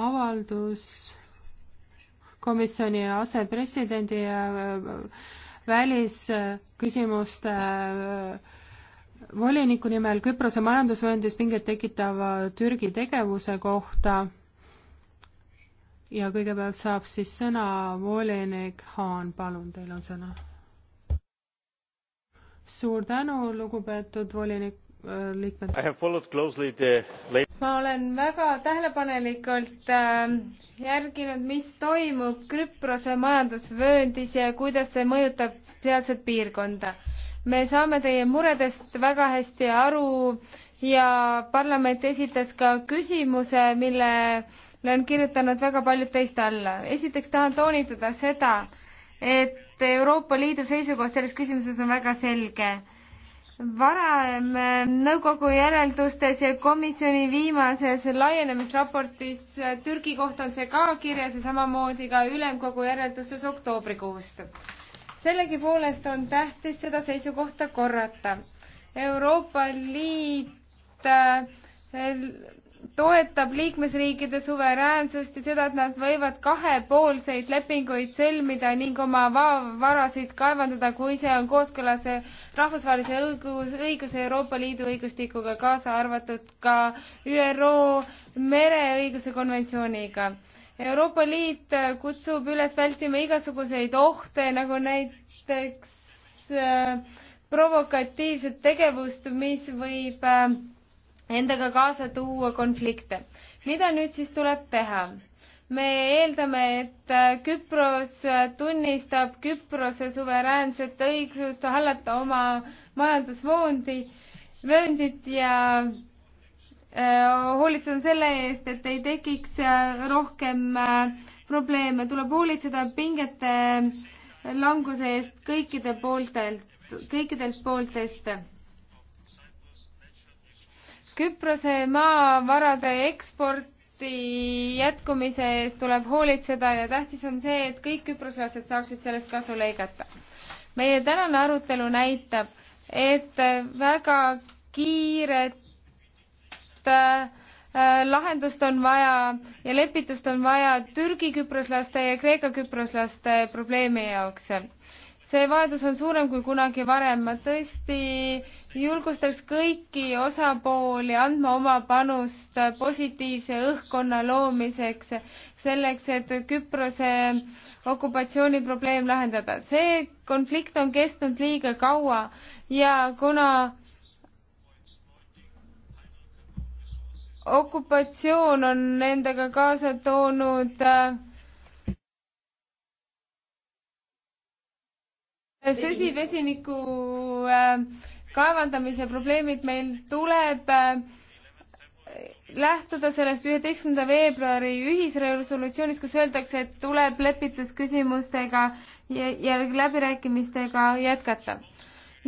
avaldus komisjoni asepresidendi ja äh, välisküsimuste äh, voliniku nimel Küprose majandusvööndis pinget tekitava Türgi tegevuse kohta ja kõigepealt saab siis sõna volinik Haan, palun, teil on sõna. suur tänu, lugupeetud volinik liikmed. ma olen väga tähelepanelikult äh, järginud, mis toimub Küprose majandusvööndis ja kuidas see mõjutab sealset piirkonda. me saame teie muredest väga hästi aru ja parlament esitas ka küsimuse, millele on kirjutanud väga paljud teist alla. esiteks tahan toonitada seda, et Euroopa Liidu seisukoht selles küsimuses on väga selge varem nõukogu järeldustes ja komisjoni viimases laienemisraportis Türgi kohta on see ka kirjas ja samamoodi ka ülemkogu järeldustes oktoobrikuust. sellegipoolest on tähtis seda seisukohta korrata. Euroopa Liit äh, toetab liikmesriikide suveräänsust ja seda, et nad võivad kahepoolseid lepinguid sõlmida ning oma varasid kaevandada, kui see on kooskõlas rahvusvahelise õigus, õiguse Euroopa Liidu õigustikuga, kaasa arvatud ka ÜRO mereõiguse konventsiooniga. Euroopa Liit kutsub üles vältima igasuguseid ohte, nagu näiteks äh, provokatiivset tegevust, mis võib äh, endaga kaasa tuua konflikte. mida nüüd siis tuleb teha? me eeldame, et Küpros tunnistab Küprose suveräänset õigust hallata oma majandusvoondi, vööndit ja äh, hoolitsen selle eest, et ei tekiks rohkem äh, probleeme, tuleb hoolitseda pingete languse eest kõikide pooltelt, kõikidelt pooltest Küprose maavarade eksporti jätkumise eest tuleb hoolitseda ja tähtis on see, et kõik küproslased saaksid sellest kasu lõigata. meie tänane arutelu näitab, et väga kiiret äh, lahendust on vaja ja lepitust on vaja Türgi küproslaste ja Kreeka küproslaste probleemi jaoks see vajadus on suurem kui kunagi varem. ma tõesti julgustaks kõiki osapooli andma oma panust positiivse õhkkonna loomiseks, selleks, et Küprose okupatsiooni probleem lahendada. see konflikt on kestnud liiga kaua ja kuna okupatsioon on endaga kaasa toonud äh, süsivesiniku ähm, kaevandamise probleemid, meil tuleb äh, lähtuda sellest üheteistkümnenda veebruari ühisresolutsioonist, kus öeldakse, et tuleb lepitusküsimustega ja, ja läbirääkimistega jätkata.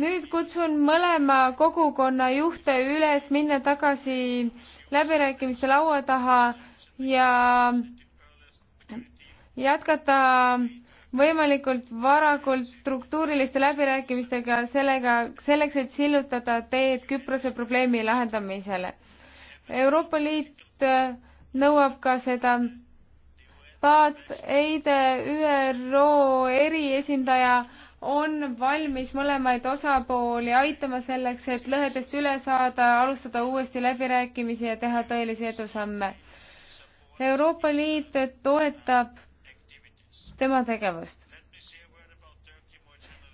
nüüd kutsun mõlema kogukonna juhte üles minna tagasi läbirääkimiste laua taha ja jätkata võimalikult varakult struktuuriliste läbirääkimistega sellega, selleks, et sillutada teed Küprose probleemi lahendamisele. Euroopa Liit äh, nõuab ka seda. Paat Eide, ÜRO eriesindaja on valmis mõlemaid osapooli aitama selleks, et lõhedest üle saada, alustada uuesti läbirääkimisi ja teha tõelisi edusamme. Euroopa Liit toetab tema tegevust.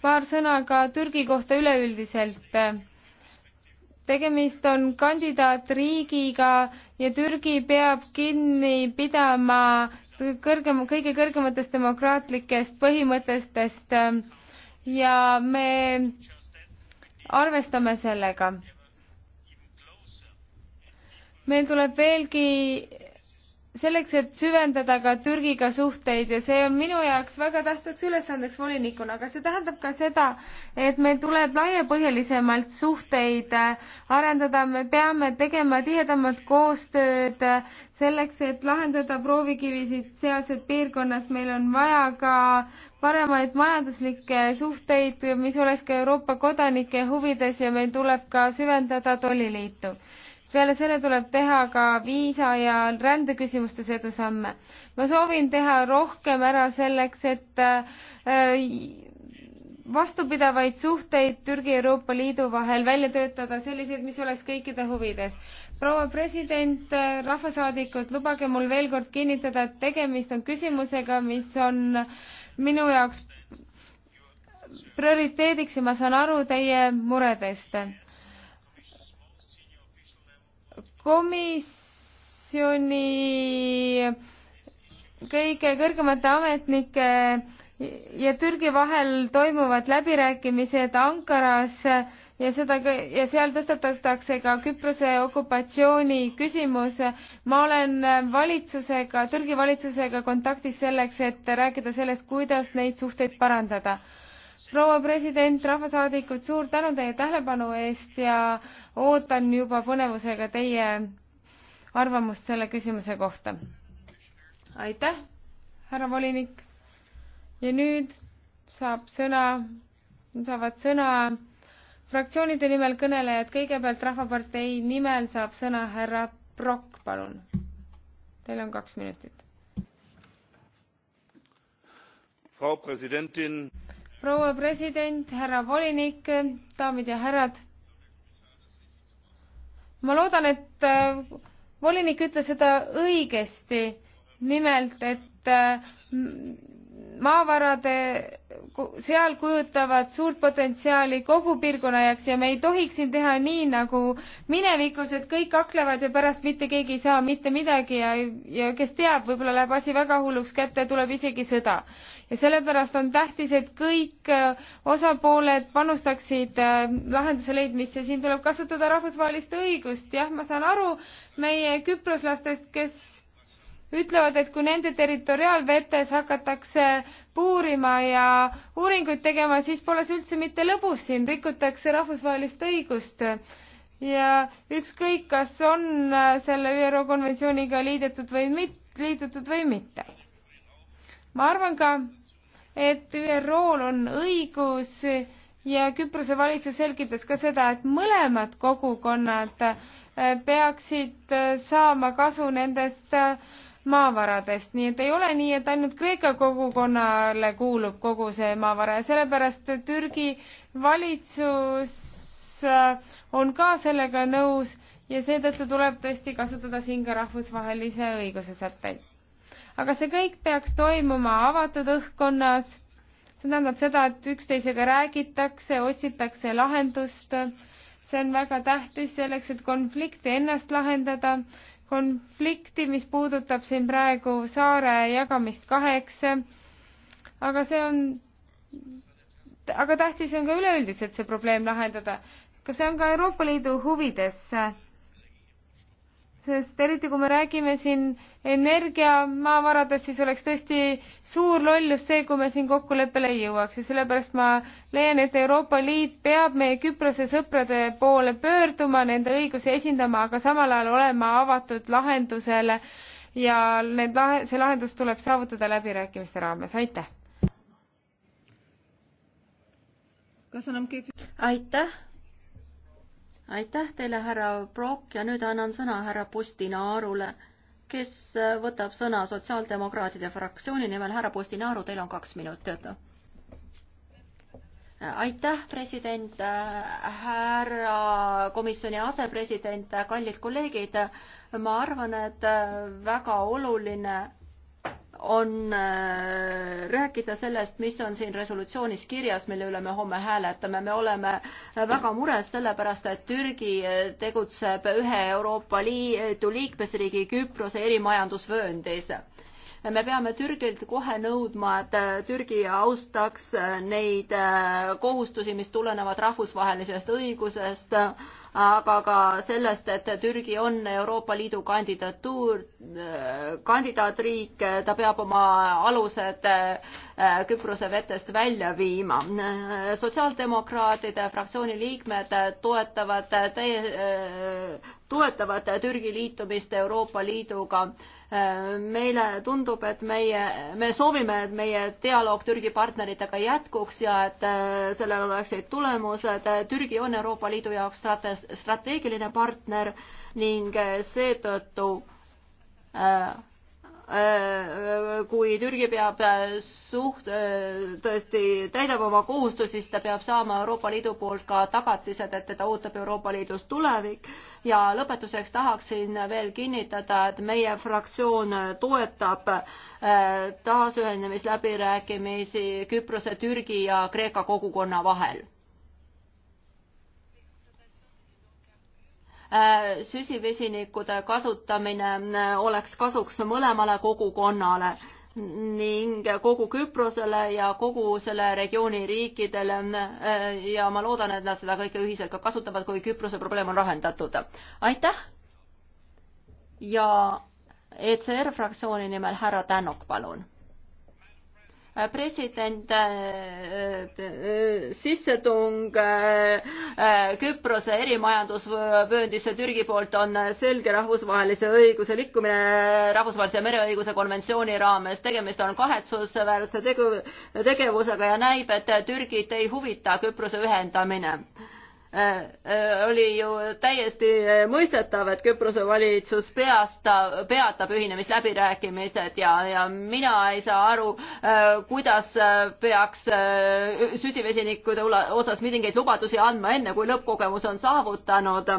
paar sõna ka Türgi kohta üleüldiselt. tegemist on kandidaatriigiga ja Türgi peab kinni pidama kõrgem, kõige kõrgematest demokraatlikest põhimõtetest ja me arvestame sellega. meil tuleb veelgi selleks, et süvendada ka Türgiga suhteid ja see on minu jaoks väga tähtsaks ülesandeks volinikuna, aga see tähendab ka seda, et meil tuleb laiapõhjalisemalt suhteid äh, arendada, me peame tegema tihedamat koostööd äh, selleks, et lahendada proovikivisid sealses piirkonnas, meil on vaja ka paremaid majanduslikke suhteid, mis oleks ka Euroopa kodanike huvides ja meil tuleb ka süvendada tolliliitu peale selle tuleb teha ka viisa ja rändeküsimustes edusamme. ma soovin teha rohkem ära selleks, et äh, vastupidavaid suhteid Türgi ja Euroopa Liidu vahel välja töötada, selliseid, mis oleks kõikide huvides. proua president, äh, rahvasaadikud, lubage mul veel kord kinnitada, et tegemist on küsimusega, mis on minu jaoks prioriteediks ja ma saan aru teie muredest komisjoni kõige kõrgemate ametnike ja Türgi vahel toimuvad läbirääkimised Ankaras ja seda ja seal tõstatatakse ka Küprose okupatsiooni küsimus. ma olen valitsusega, Türgi valitsusega kontaktis selleks, et rääkida sellest, kuidas neid suhteid parandada. proua president, rahvasaadikud, suur tänu teie tähelepanu eest ja ootan juba põnevusega teie arvamust selle küsimuse kohta. aitäh, härra volinik. ja nüüd saab sõna, saavad sõna fraktsioonide nimel kõnelejad, kõigepealt Rahvapartei nimel saab sõna härra Prokk, palun. Teil on kaks minutit. proua president, härra volinik, daamid ja härrad ma loodan, et äh, volinik ütles seda õigesti, nimelt et äh, maavarade seal kujutavad suurt potentsiaali kogu piirkonna jaoks ja me ei tohiks siin teha nii nagu minevikus, et kõik kaklevad ja pärast mitte keegi ei saa mitte midagi ja, ja kes teab, võib-olla läheb asi väga hulluks kätte, tuleb isegi sõda. ja sellepärast on tähtis, et kõik äh, osapooled panustaksid äh, lahenduse leidmisse, siin tuleb kasutada rahvusvahelist õigust, jah, ma saan aru meie küproslastest, kes ütlevad, et kui nende territoriaalvetes hakatakse puurima ja uuringuid tegema, siis pole see üldse mitte lõbus siin, rikutakse rahvusvahelist õigust. ja ükskõik, kas on äh, selle ÜRO konventsiooniga liidetud või mit-, liitutud või mitte. ma arvan ka, et ÜRO-l on õigus ja Küprose valitsus selgitas ka seda, et mõlemad kogukonnad äh, peaksid äh, saama kasu nendest äh, maavaradest, nii et ei ole nii, et ainult Kreeka kogukonnale kuulub kogu see maavara ja sellepärast Türgi valitsus äh, on ka sellega nõus ja seetõttu tuleb tõesti kasutada siin ka rahvusvahelise õiguse sätteid. aga see kõik peaks toimuma avatud õhkkonnas, see tähendab seda, et üksteisega räägitakse, otsitakse lahendust, see on väga tähtis selleks, et konflikti ennast lahendada konflikti, mis puudutab siin praegu saare jagamist kaheks. aga see on, aga tähtis on ka üleüldiselt see probleem lahendada. kas see on ka Euroopa Liidu huvides? sest eriti, kui me räägime siin energiamaavarades, siis oleks tõesti suur lollus see, kui me siin kokkuleppele ei jõuaks ja sellepärast ma leian, et Euroopa Liit peab meie Küprose sõprade poole pöörduma, nende õigusi esindama, aga samal ajal olema avatud lahendusele ja need lahe, see lahendus tuleb saavutada läbirääkimiste raames, aitäh! aitäh! aitäh teile, härra Brock ja nüüd annan sõna härra Postinaarule kes äh, võtab sõna Sotsiaaldemokraatide fraktsiooni nimel. härra Postinaru, teil on kaks minutit. aitäh, president, härra komisjoni asepresident, kallid kolleegid. ma arvan, et väga oluline on äh, rääkida sellest, mis on siin resolutsioonis kirjas, mille üle me homme hääletame. me oleme äh, väga mures sellepärast, et Türgi äh, tegutseb ühe Euroopa Liidu liikmesriigi Küprose erimajandusvööndis me peame Türgilt kohe nõudma, et äh, Türgi austaks äh, neid äh, kohustusi, mis tulenevad rahvusvahelisest õigusest, aga ka sellest, et Türgi on Euroopa Liidu kandidatuur, kandidaatriik, ta peab oma alused Küprose vetest välja viima. sotsiaaldemokraatide fraktsiooni liikmed toetavad täie, toetavad Türgi liitumist Euroopa Liiduga meile tundub, et meie, me soovime, et meie dialoog Türgi partneritega jätkuks ja et äh, sellel oleksid tulemused. Türgi on Euroopa Liidu jaoks strate-, strateegiline partner ning äh, seetõttu äh, Äh, kui Türgi peab äh, suht-, äh, tõesti täidab oma kohustusi, siis ta peab saama Euroopa Liidu poolt ka tagatised, et teda ootab Euroopa Liidus tulevik. ja lõpetuseks tahaksin veel kinnitada, et meie fraktsioon toetab taasühendamisläbirääkimisi Küprose, Türgi ja Kreeka kogukonna vahel Äh, süsivesinikude kasutamine äh, oleks kasuks mõlemale kogukonnale ning kogu Küprosele ja kogu selle regiooni riikidele äh, ja ma loodan, et nad seda kõike ühiselt ka kasutavad, kui Küprose probleem on lahendatud. aitäh! ja ECR fraktsiooni nimel härra Tänok, palun Äh, president äh, äh, sissetung Küprose erimajandusvööndisse Türgi poolt on selge rahvusvahelise õiguse rikkumine rahvusvahelise mereõiguse konventsiooni raames. tegemist on kahetsusväärse tegu, tegevusega ja näib, et Türgit ei huvita Küprose ühendamine Äh, äh, oli ju täiesti äh, mõistetav, et Küprose valitsus peasta, peatab ühinemisläbirääkimised ja, ja mina ei saa aru, kuidas peaks süsivesinikude osas mingeid lubadusi andma, enne kui lõppkogemus on saavutanud.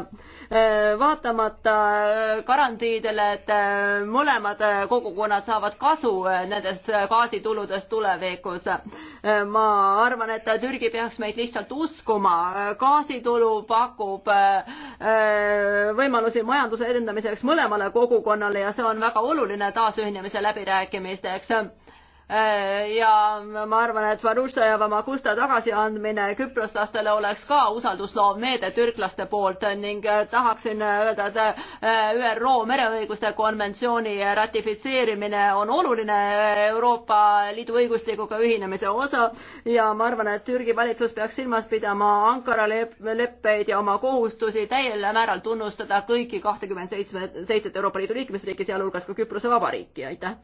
vaatamata garantiidele, et mõlemad kogukonnad saavad kasu nendest gaasituludest tulevikus. Äh, ma arvan, et Türgi peaks meid lihtsalt uskuma. Äh, gaasitulu pakub äh, võimalusi majanduse edendamiseks mõlemale kogukonnale ja see on väga oluline taasühinemise läbirääkimisteks Äh, ja ma arvan, et Varusa ja Vamagusta tagasiandmine küproslastele oleks ka usaldusloov meede türklaste poolt ning äh, tahaksin öelda, et äh, ÜRO mereõiguste konventsiooni ratifitseerimine on oluline Euroopa Liidu õigustikuga ühinemise osa ja ma arvan, et Türgi valitsus peaks silmas pidama Ankara leppeid ja oma kohustusi täiel määral tunnustada kõiki kahtekümmet seitsme, seitset Euroopa Liidu liikmesriiki, sealhulgas ka Küprose Vabariiki, aitäh!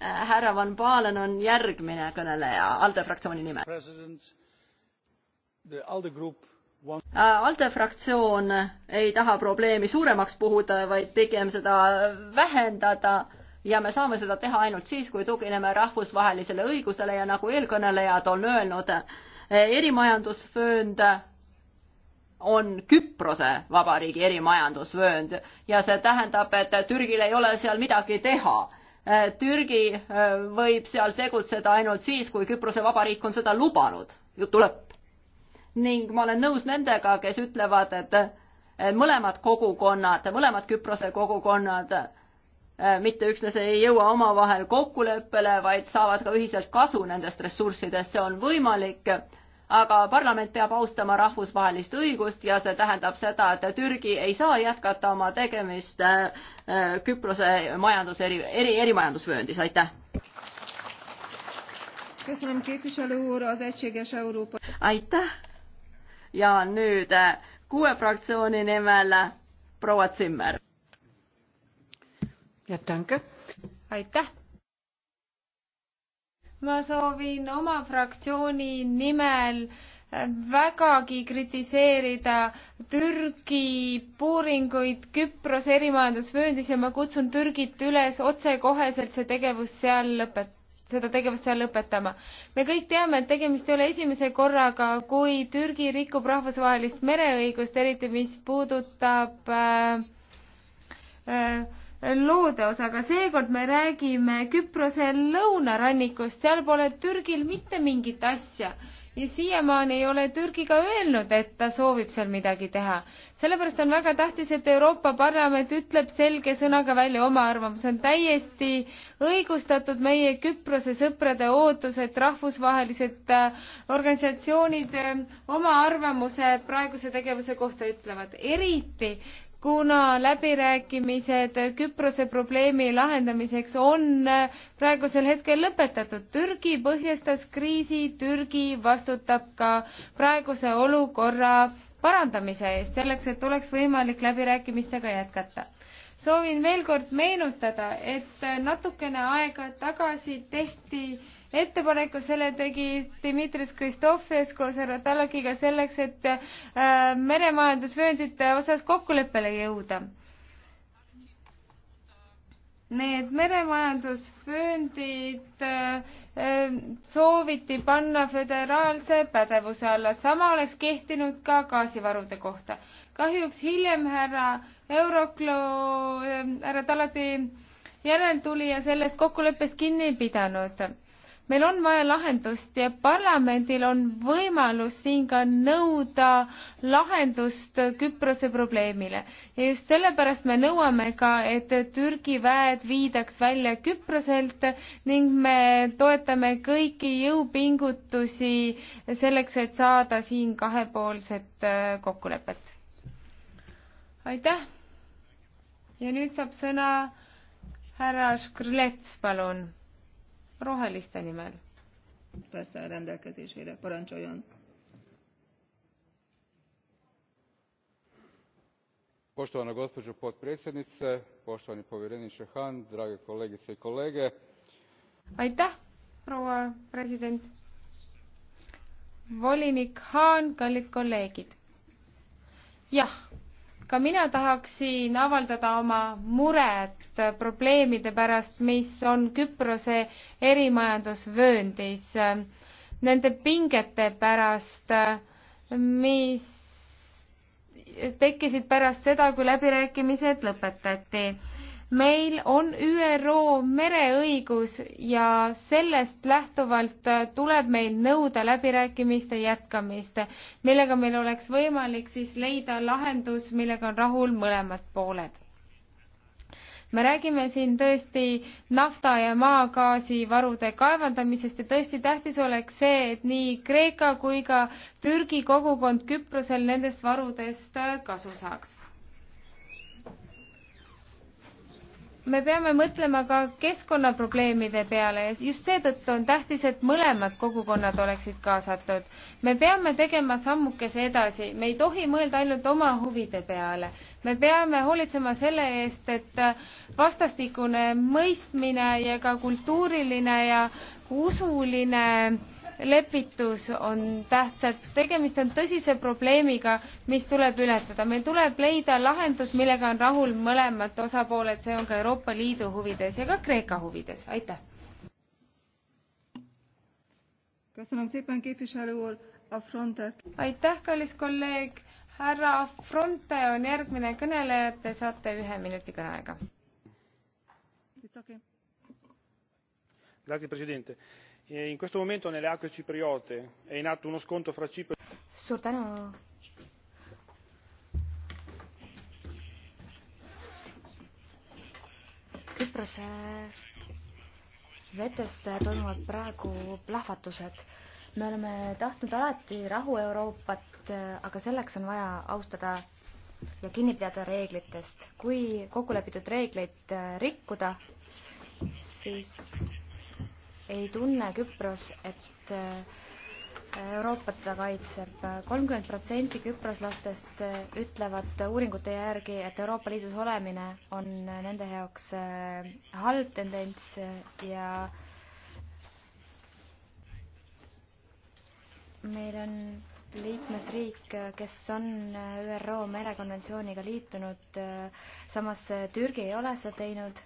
Äh, härra Van Balen on järgmine kõneleja ALDE fraktsiooni nimel. Äh, ALDE fraktsioon ei taha probleemi suuremaks puhuda, vaid pigem seda vähendada ja me saame seda teha ainult siis, kui tugineme rahvusvahelisele õigusele ja nagu eelkõnelejad on öelnud, eh, erimajandusvöönd on Küprose vabariigi erimajandusvöönd ja see tähendab, et Türgil ei ole seal midagi teha Äh, Türgi äh, võib seal tegutseda ainult siis, kui Küprose Vabariik on seda lubanud, jutu lõpp. ning ma olen nõus nendega, kes ütlevad, et äh, mõlemad kogukonnad, mõlemad Küprose kogukonnad mitte üksnes ei jõua omavahel kokkuleppele, vaid saavad ka ühiselt kasu nendest ressurssidest, see on võimalik aga parlament peab austama rahvusvahelist õigust ja see tähendab seda, et Türgi ei saa jätkata oma tegemist äh, äh, Küprose majandus eri, eri, erimajandusvööndis, aitäh. aitäh ja nüüd äh, kuue fraktsiooni nimel proua Zimmer. aitäh ma soovin oma fraktsiooni nimel vägagi kritiseerida Türgi puuringuid Küprose erimajandusvööndis ja ma kutsun Türgit üles otsekoheselt see tegevus seal lõpetama seda tegevust seal lõpetama. me kõik teame, et tegemist ei ole esimese korraga, kui Türgi rikub rahvusvahelist mereõigust, eriti mis puudutab äh, äh, loode osaga, seekord me räägime Küprose lõunarannikust, seal pole Türgil mitte mingit asja ja siiamaani ei ole Türgi ka öelnud, et ta soovib seal midagi teha. sellepärast on väga tähtis, et Euroopa Parlament ütleb selge sõnaga välja oma arvamuse, on täiesti õigustatud meie Küprose sõprade ootused, rahvusvahelised äh, organisatsioonid äh, oma arvamuse praeguse tegevuse kohta ütlevad, eriti kuna läbirääkimised Küprose probleemi lahendamiseks on praegusel hetkel lõpetatud. Türgi põhjustas kriisi, Türgi vastutab ka praeguse olukorra parandamise eest, selleks et oleks võimalik läbirääkimistega jätkata soovin veel kord meenutada, et natukene aega tagasi tehti ettepaneku, selle tegi Dimitris Kristofjev koos härra Talakiga selleks, et äh, meremajandusvööndite osas kokkuleppele jõuda. Need meremajandusvööndid äh, äh, sooviti panna föderaalse pädevuse alla, sama oleks kehtinud ka gaasivarude kohta. kahjuks hiljem härra Euroclo ähm, härra Talati järeltulija sellest kokkuleppest kinni ei pidanud. meil on vaja lahendust ja parlamendil on võimalus siin ka nõuda lahendust Küprose probleemile. ja just sellepärast me nõuame ka, et Türgi väed viidaks välja Küproselt ning me toetame kõiki jõupingutusi selleks, et saada siin kahepoolset äh, kokkulepet. aitäh ja nüüd saab sõna härra Škrlets, palun, roheliste nimel. poštovana gospođo potpredsjednice poštovani povjereniče hahn drage kolegice i kolege aitäh proua president volinik hahn kallid kolleegid jah ka mina tahaksin avaldada oma muret probleemide pärast, mis on Küprose erimajandusvööndis, nende pingete pärast, mis tekkisid pärast seda, kui läbirääkimised lõpetati meil on ÜRO mereõigus ja sellest lähtuvalt äh, tuleb meil nõuda läbirääkimiste jätkamist, millega meil oleks võimalik siis leida lahendus, millega on rahul mõlemad pooled me räägime siin tõesti nafta ja maagaasivarude kaevandamisest ja tõesti tähtis oleks see, et nii Kreeka kui ka Türgi kogukond Küprosel nendest varudest äh, kasu saaks. me peame mõtlema ka keskkonnaprobleemide peale ja just seetõttu on tähtis, et mõlemad kogukonnad oleksid kaasatud. me peame tegema sammukese edasi, me ei tohi mõelda ainult oma huvide peale. me peame hoolitsema selle eest, et vastastikune mõistmine ja ka kultuuriline ja usuline äh, lepitus on tähtsad, tegemist on tõsise probleemiga, mis tuleb ületada. meil tuleb leida lahendus, millega on rahul mõlemad osapooled, see on ka Euroopa Liidu huvides ja ka Kreeka huvides, aitäh. aitäh, kallis kolleeg, härra Fronte on järgmine kõneleja, te saate ühe minuti kõneaega. Grazie Presidente E in questo momento nelle acque cipriote è in atto uno scontro fra cipro. suur tänu. Küprose vetes toimuvad praegu plahvatused. me oleme tahtnud alati rahu Euroopat, aga selleks on vaja austada ja kinni pidada reeglitest. kui kokkulepitud reegleid rikkuda, siis ei tunne Küpros, et äh, Euroopat ta kaitseb. kolmkümmend protsenti küproslastest äh, ütlevad uuringute järgi, et Euroopa Liidus olemine on äh, nende jaoks halb tendents ja meil on liikmesriik, kes on ÜRO merekonventsiooniga liitunud, samas Türgi ei ole seda teinud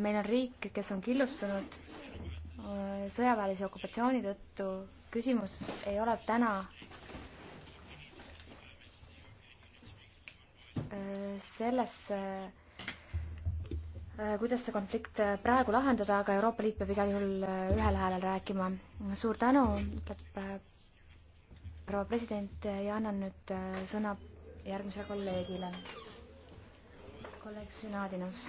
meil on riik, kes on killustunud äh, sõjaväelise okupatsiooni tõttu. küsimus ei ole täna äh, selles, äh, kuidas see konflikt praegu lahendada, aga Euroopa Liit peab igal juhul ühel häälel rääkima. suur tänu, ütleb proua president ja annan nüüd sõna järgmisele kolleegile, kolleeg Sünadinos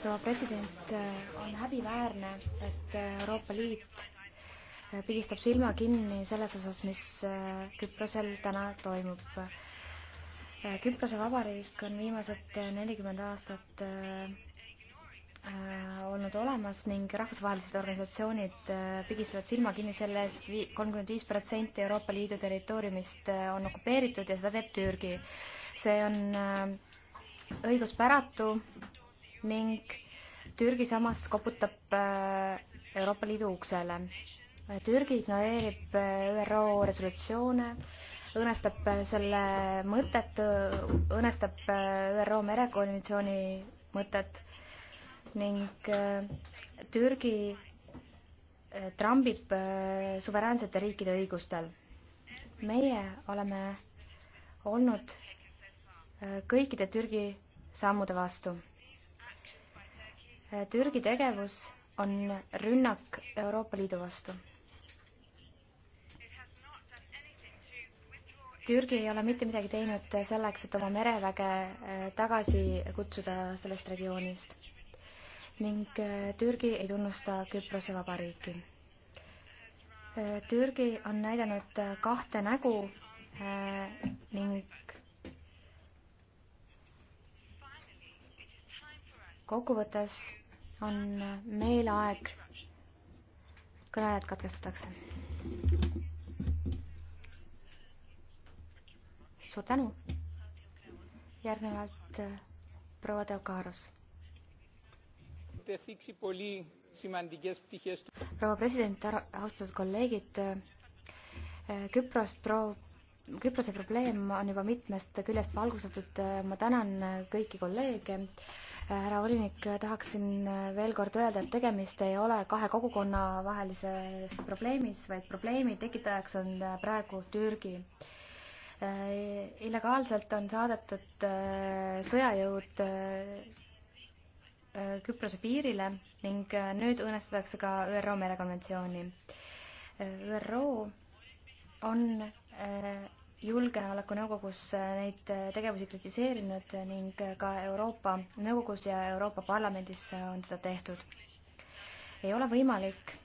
proua president, äh, on häbiväärne, et äh, Euroopa Liit äh, pigistab silma kinni selles osas, mis Küprosel täna toimub. Küprose vabariik on viimased nelikümmend aastat olnud olemas ning rahvusvahelised organisatsioonid pigistavad silma kinni selle eest, et kolmkümmend viis protsenti Euroopa Liidu territooriumist on okupeeritud ja seda teeb Türgi. see on õiguspäratu ning Türgi samas koputab äh, Euroopa Liidu uksele. Türgi ignoreerib äh, ÜRO resolutsioone, õõnestab äh, selle mõtet, õõnestab ÜRO merekonventsiooni mõtet ning Türgi trambib suveräänsete riikide õigustel. meie oleme olnud kõikide Türgi sammude vastu Türgi tegevus on rünnak Euroopa Liidu vastu. Türgi ei ole mitte midagi teinud selleks, et oma mereväge äh, tagasi kutsuda sellest regioonist ning äh, Türgi ei tunnusta Küprose vabariiki. Äh, Türgi on näidanud kahte nägu ning kokkuvõttes on meil aeg, kõnelejad katkestatakse. suur tänu. järgnevalt äh, proua Teokaarus. proua president, austatud kolleegid, äh, Küprost pro-, Küprose probleem on juba mitmest küljest valgustatud, äh, ma tänan kõiki kolleege härra volinik, tahaksin veel kord öelda, et tegemist ei ole kahe kogukonna vahelises probleemis, vaid probleemi tekitajaks on praegu Türgi. illegaalselt on saadetud äh, sõjajõud äh, Küprose piirile ning äh, nüüd õõnestatakse ka ÜRO merekonventsiooni. ÜRO on Julgeolekunõukogus äh, neid äh, tegevusi kritiseerinud ning äh, ka Euroopa Nõukogus ja Euroopa Parlamendis on seda tehtud. ei ole võimalik,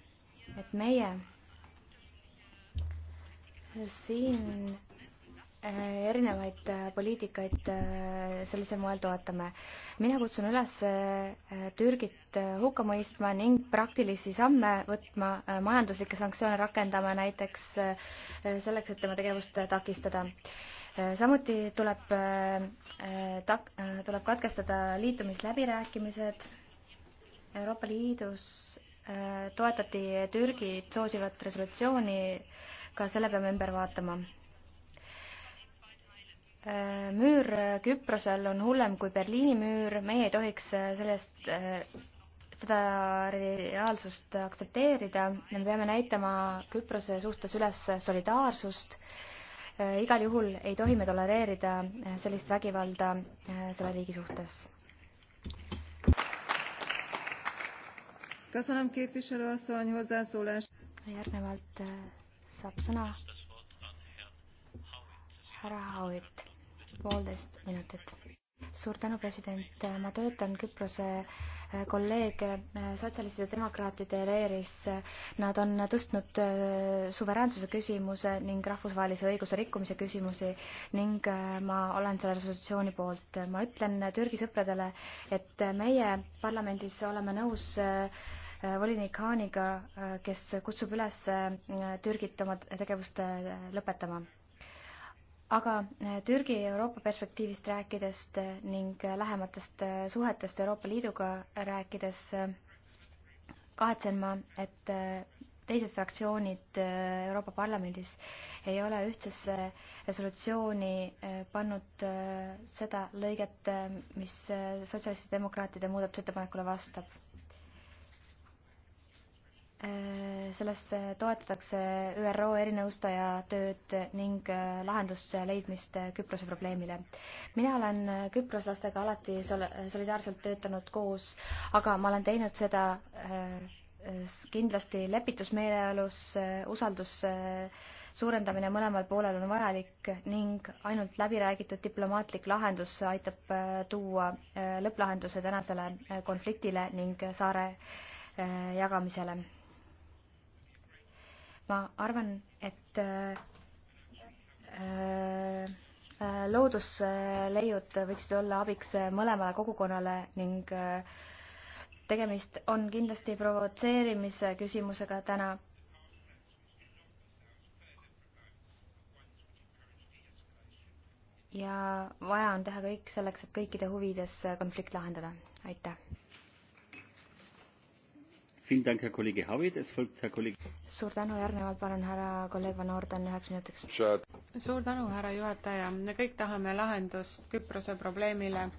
et meie siin Eh, erinevaid eh, poliitikaid eh, sellisel moel toetame. mina kutsun üles Türgit hukka mõistma ning praktilisi samme võtma, majanduslikke sanktsioone rakendama näiteks selleks, et tema tegevust takistada. samuti tuleb tak-, tuleb katkestada liitumisläbirääkimised Euroopa Liidus toetati Türgit soosivat resolutsiooni, ka selle peame ümber vaatama Äh, müür äh, Küprosel on hullem kui Berliini müür, meie ei tohiks äh, sellest, seda reaalsust aktsepteerida, me peame näitama Küprose suhtes üles solidaarsust, igal juhul ei tohi me tolereerida sellist vägivalda selle riigi suhtes. järgnevalt saab sõna härra Howitt poolteist minutit. suur tänu, president, ma töötan Küprose äh, kolleege äh, sotsialistide demokraatide leeris. Nad on tõstnud äh, suveräänsuse küsimuse ning rahvusvahelise õiguse rikkumise küsimusi ning ma olen selle resolutsiooni poolt. ma ütlen Türgi sõpradele, et meie parlamendis oleme nõus volinik Haaniga, kes kutsub üles Türgit oma tegevuste lõpetama aga äh, Türgi Euroopa perspektiivist rääkidest äh, ning äh, lähematest suhetest Euroopa Liiduga rääkides kahetsen ma, et teised fraktsioonid Euroopa Parlamendis ei ole ühtsesse resolutsiooni pannud seda lõiget, mis sotsialistide demokraatide muudatusettepanekule vastab Äh, selles toetatakse ÜRO erinõustaja tööd ning äh, lahenduste leidmist äh, Küprose probleemile. mina olen küproslastega alati sol-, solidaarselt töötanud koos, aga ma olen teinud seda kindlasti lepitusmeeleolus, usaldus suurendamine mõlemal poolel on vajalik ning ainult läbiräägitud diplomaatlik lahendus aitab tuua lõpplahenduse tänasele konfliktile ning saare jagamisele ma arvan, et äh, äh, loodusleiud võiksid olla abiks mõlemale kogukonnale ning äh, tegemist on kindlasti provotseerimise küsimusega täna. ja vaja on teha kõik selleks, et kõikide huvides konflikt lahendada. aitäh! suur tänu, järgnevalt palun härra kolleeg Van Orden üheks minutiks. suur tänu, härra juhataja, me kõik tahame lahendust Küprose probleemile.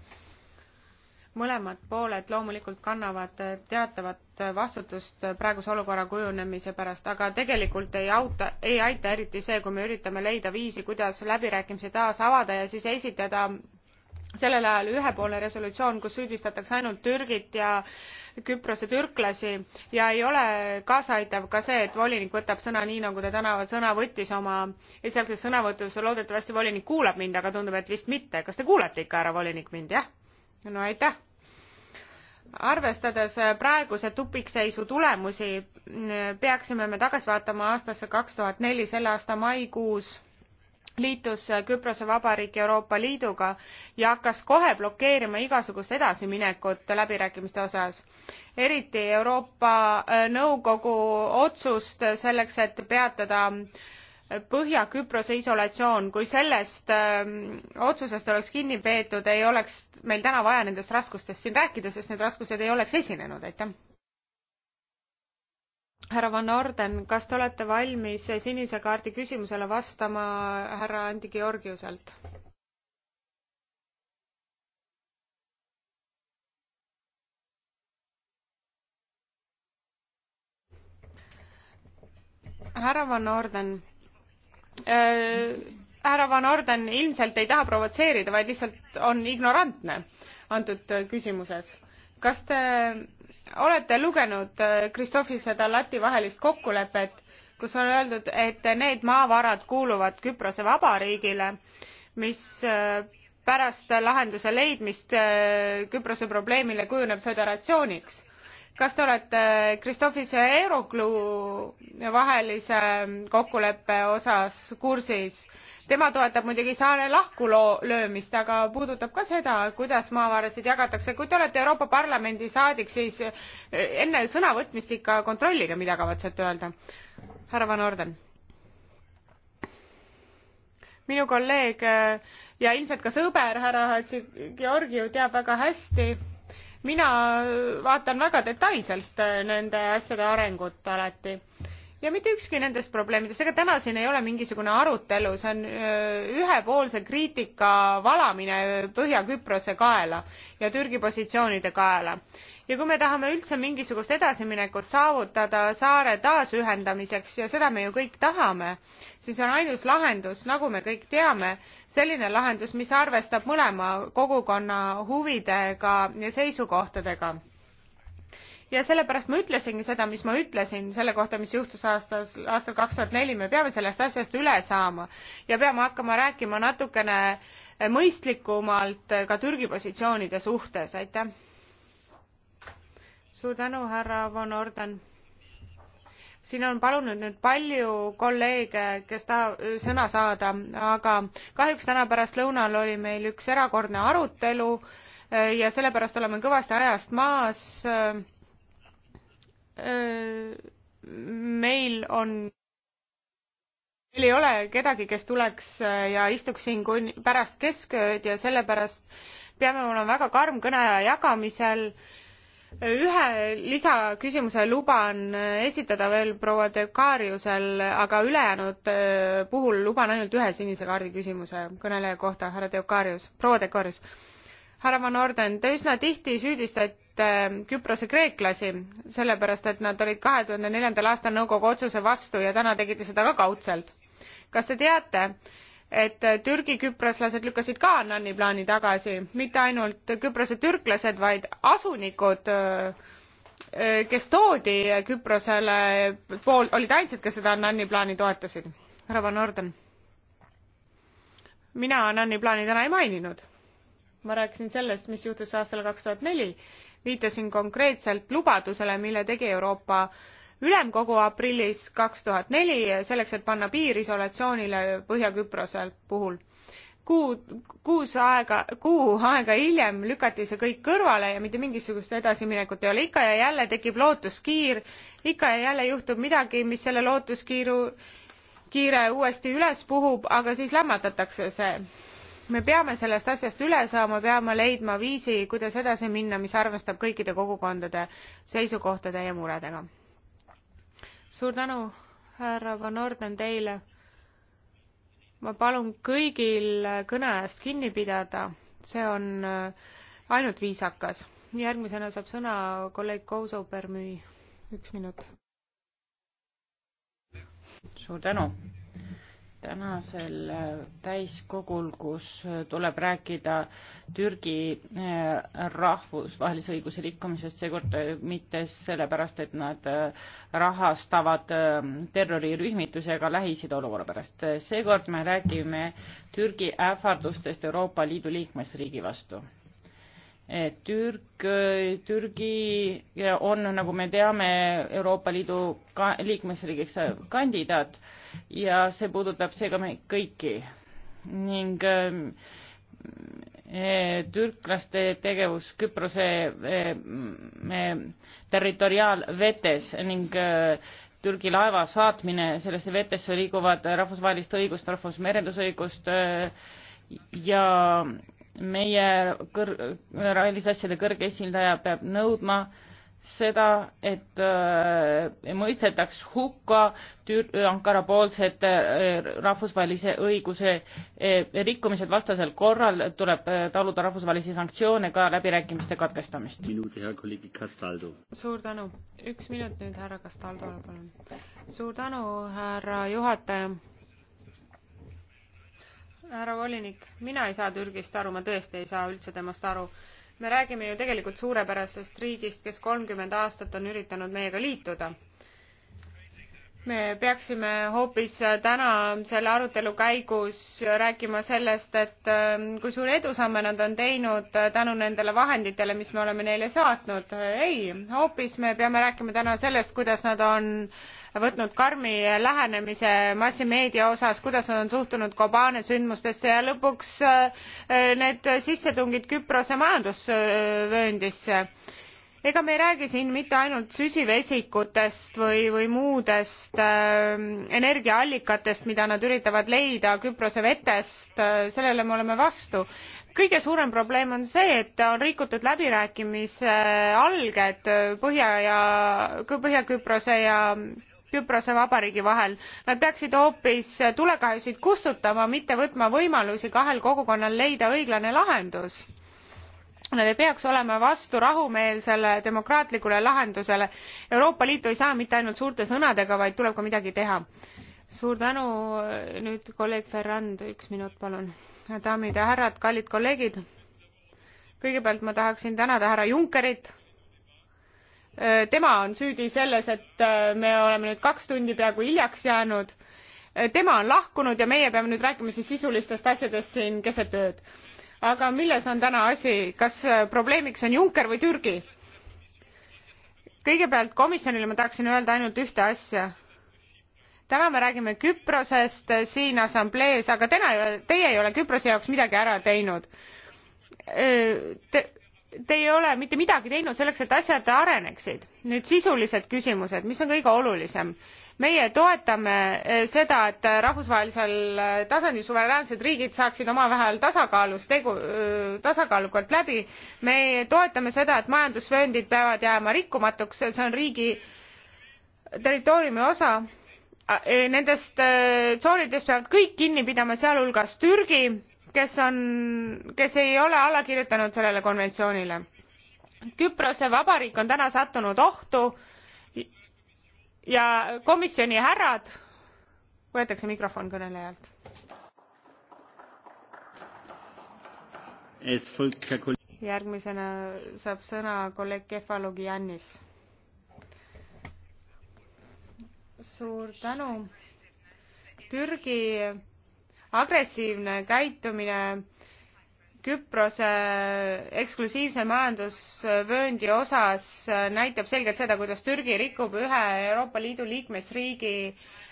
mõlemad pooled loomulikult kannavad teatavat vastutust praeguse olukorra kujunemise pärast, aga tegelikult ei auta, ei aita eriti see, kui me üritame leida viisi, kuidas läbirääkimisi taas avada ja siis esitada sellel ajal ühepoolne resolutsioon kus süüdistatakse ainult türgit ja küprose türklasi ja ei ole kaasaaitav ka see et volinik võtab sõna nii nagu ta täna sõna võttis oma esialgses sõnavõtus loodetavasti volinik kuulab mind aga tundub et vist mitte kas te kuulete ikka härra volinik mind jah no aitäh arvestades praeguse tupikseisu tulemusi peaksime me tagasi vaatama aastasse 2004 selle aasta maikuus liitus Küprose Vabariik Euroopa Liiduga ja hakkas kohe blokeerima igasugust edasiminekut läbirääkimiste osas. eriti Euroopa äh, Nõukogu otsust selleks, et peatada äh, Põhja-Küprose isolatsioon, kui sellest öö, ähm, otsusest oleks kinni peetud, ei oleks meil täna vaja nendest raskustest siin rääkida, sest need raskused ei oleks esinenud, aitäh härra Van Orden, kas te olete valmis sinise kaardi küsimusele vastama härra Andi Georgiuselt? härra Van Orden äh,, härra Van Orden ilmselt ei taha provotseerida, vaid lihtsalt on ignorantne antud küsimuses. kas te olete lugenud Kristofise äh, Dalati vahelist kokkulepet, kus on öeldud, et need maavarad kuuluvad Küprose Vabariigile, mis äh, pärast lahenduse leidmist äh, Küprose probleemile kujuneb föderatsiooniks. kas te olete Kristofise Euroclou vahelise kokkuleppe osas kursis? tema toetab muidugi saare lahkulöömist, aga puudutab ka seda, kuidas maavarasid jagatakse. kui te olete Euroopa Parlamendi saadik, siis eh, enne sõnavõtmist ikka kontrollige, mida kavatsete öelda. härra Van Orden minu kolleeg eh, ja ilmselt ka sõber härra Hatsi Georgiu teab väga hästi, mina vaatan väga detailselt eh, nende asjade arengut alati ja mitte ükski nendest probleemidest, ega täna siin ei ole mingisugune arutelu, see on ühepoolse kriitika valamine Põhja-Küprose kaela ja Türgi positsioonide kaela. ja kui me tahame üldse mingisugust edasiminekut saavutada saare taasühendamiseks ja seda me ju kõik tahame, siis on ainus lahendus, nagu me kõik teame, selline lahendus, mis arvestab mõlema kogukonna huvidega ja seisukohtadega ja sellepärast ma ütlesingi seda, mis ma ütlesin selle kohta, mis juhtus aastas, aastal kaks tuhat neli, me peame sellest asjast üle saama ja peame hakkama rääkima natukene mõistlikumalt ka Türgi positsioonide suhtes, aitäh. suur tänu, härra von Orden siin on palunud nüüd palju kolleege kes tahab sõna saada aga kahjuks täna pärastlõunal oli meil üks erakordne arutelu ja sellepärast oleme kõvasti ajast maas meil on, meil ei ole kedagi, kes tuleks ja istuks siin kuni pärast keskööd ja sellepärast peame olema väga karm kõneaja jagamisel. ühe lisaküsimuse luban esitada veel proua Dekariusel, aga ülejäänud puhul luban ainult ühe sinise kaardi küsimuse kõneleja kohta, härra Dekarius, proua Dekarius härra Van Orden, te üsna tihti süüdistate Äh, Küprose kreeklasi, sellepärast et nad olid kahe tuhande neljandal aastal nõukogu otsuse vastu ja täna tegite seda ka kaudselt. kas te teate, et äh, Türgi küproslased lükkasid ka Annani plaani tagasi, mitte ainult Küprose türklased, vaid asunikud, äh, kes toodi Küprosele pool, olid ainsad, kes seda Annani plaani toetasid. härra Van Orden. mina Annani plaani täna ei maininud ma rääkisin sellest mis juhtus aastal 2004 viitasin konkreetselt lubadusele, mille tegi Euroopa Ülemkogu aprillis kaks tuhat neli selleks, et panna piir isolatsioonile Põhja-Küprose puhul kuu, kuus aega, kuu aega hiljem lükati see kõik kõrvale ja mitte mingisugust edasiminekut ei ole. ikka ja jälle tekib lootuskiir, ikka ja jälle juhtub midagi, mis selle lootuskiiru, kiire uuesti üles puhub, aga siis lämmatatakse see me peame sellest asjast üle saama, peame leidma viisi, kuidas edasi minna, mis arvestab kõikide kogukondade seisukohtade ja muredega. suur tänu, härra Van Orden, teile. ma palun kõigil kõne ajast kinni pidada, see on äh, ainult viisakas. järgmisena saab sõna kolleeg Kouso Permüi, üks minut. suur tänu tänasel äh, täiskogul, kus äh, tuleb rääkida Türgi äh, rahvusvahelise õiguse rikkumisest, seekord mitte sellepärast, et nad rahastavad terrorirühmitusi, aga Lähis-Ida olukorra pärast. seekord me räägime Türgi ähvardustest Euroopa Liidu liikmesriigi vastu Eh, Türk, eh, Türgi eh, on, nagu me teame, Euroopa Liidu ka-, liikmesriigiks kandidaat ja see puudutab seega meid kõiki. ning türklaste tegevus Küprose mm, territoriaalvetes ning Türgi laeva saatmine sellesse vetesse liiguvad rahvusvahelist õigust, rahvusmerendusõigust ja meie kõr-, välisasjade kõrge esindaja peab nõudma seda, et äh, mõistetaks hukka Tür-, Ankara poolsed äh, rahvusvahelise õiguse äh, rikkumised, vastasel korral tuleb äh, taluda rahvusvahelisi sanktsioone ka läbirääkimiste katkestamist. suur tänu. üks minut nüüd härra Castaldole, palun. suur tänu, härra juhataja härra volinik, mina ei saa Türgist aru, ma tõesti ei saa üldse temast aru. me räägime ju tegelikult suurepärasest riigist, kes kolmkümmend aastat on üritanud meiega liituda. me peaksime hoopis täna selle arutelu käigus rääkima sellest, et ähm, kui suuri edusamme nad on teinud äh, tänu nendele vahenditele, mis me oleme neile saatnud. ei, hoopis me peame rääkima täna sellest, kuidas nad on äh, võtnud karmi lähenemise massimeedia osas kuidas nad on suhtunud kobane sündmustesse ja lõpuks äh, need sissetungid küprose majandusvööndisse ega me ei räägi siin mitte ainult süsivesikutest või või muudest äh, energiaallikatest mida nad üritavad leida küprose vetest äh, sellele me oleme vastu kõige suurem probleem on see et on rikutud läbirääkimise äh, alged põhja ja põhja küprose ja Küprose Vabariigi vahel. Nad peaksid hoopis tulekahjusid kustutama, mitte võtma võimalusi kahel kogukonnal leida õiglane lahendus. Nad ei peaks olema vastu rahumeelsele demokraatlikule lahendusele. Euroopa Liitu ei saa mitte ainult suurte sõnadega, vaid tuleb ka midagi teha. suur tänu, nüüd kolleeg Ferrand, üks minut, palun. daamid ja härrad, kallid kolleegid. kõigepealt ma tahaksin tänada härra Junckerit Äh, tema on süüdi selles, et äh, me oleme nüüd kaks tundi peaaegu hiljaks jäänud. Äh, tema on lahkunud ja meie peame nüüd rääkima siis sisulistest asjadest siin keset ööd. aga milles on täna asi, kas probleemiks on Juncker või Türgi? kõigepealt komisjonile ma tahaksin öelda ainult ühte asja. täna me räägime Küprosest siin assamblees, aga täna ei ole, teie ei ole Küprose jaoks midagi ära teinud. Te, te ei ole mitte midagi teinud selleks et asjad areneksid. nüüd sisulised küsimused mis on kõige olulisem meie toetame eh, seda et rahvusvahelisel eh, tasandil suveräänsed riigid saaksid omavahel tasakaalus tegu eh, tasakaalukalt läbi me toetame seda et majandusvööndid peavad jääma rikkumatuks see on riigi territooriumi osa nendest tsoonidest peavad kõik kinni pidama sealhulgas türgi kes on, kes ei ole alla kirjutanud sellele konventsioonile. Küprose vabariik on täna sattunud ohtu ja komisjoni härrad, võetakse mikrofon kõnelejalt. järgmisena saab sõna kolleeg Kefalogiannis. suur tänu. Türgi agressiivne käitumine Küprose eksklusiivse majandusvööndi osas näitab selgelt seda, kuidas Türgi rikub ühe Euroopa Liidu liikmesriigi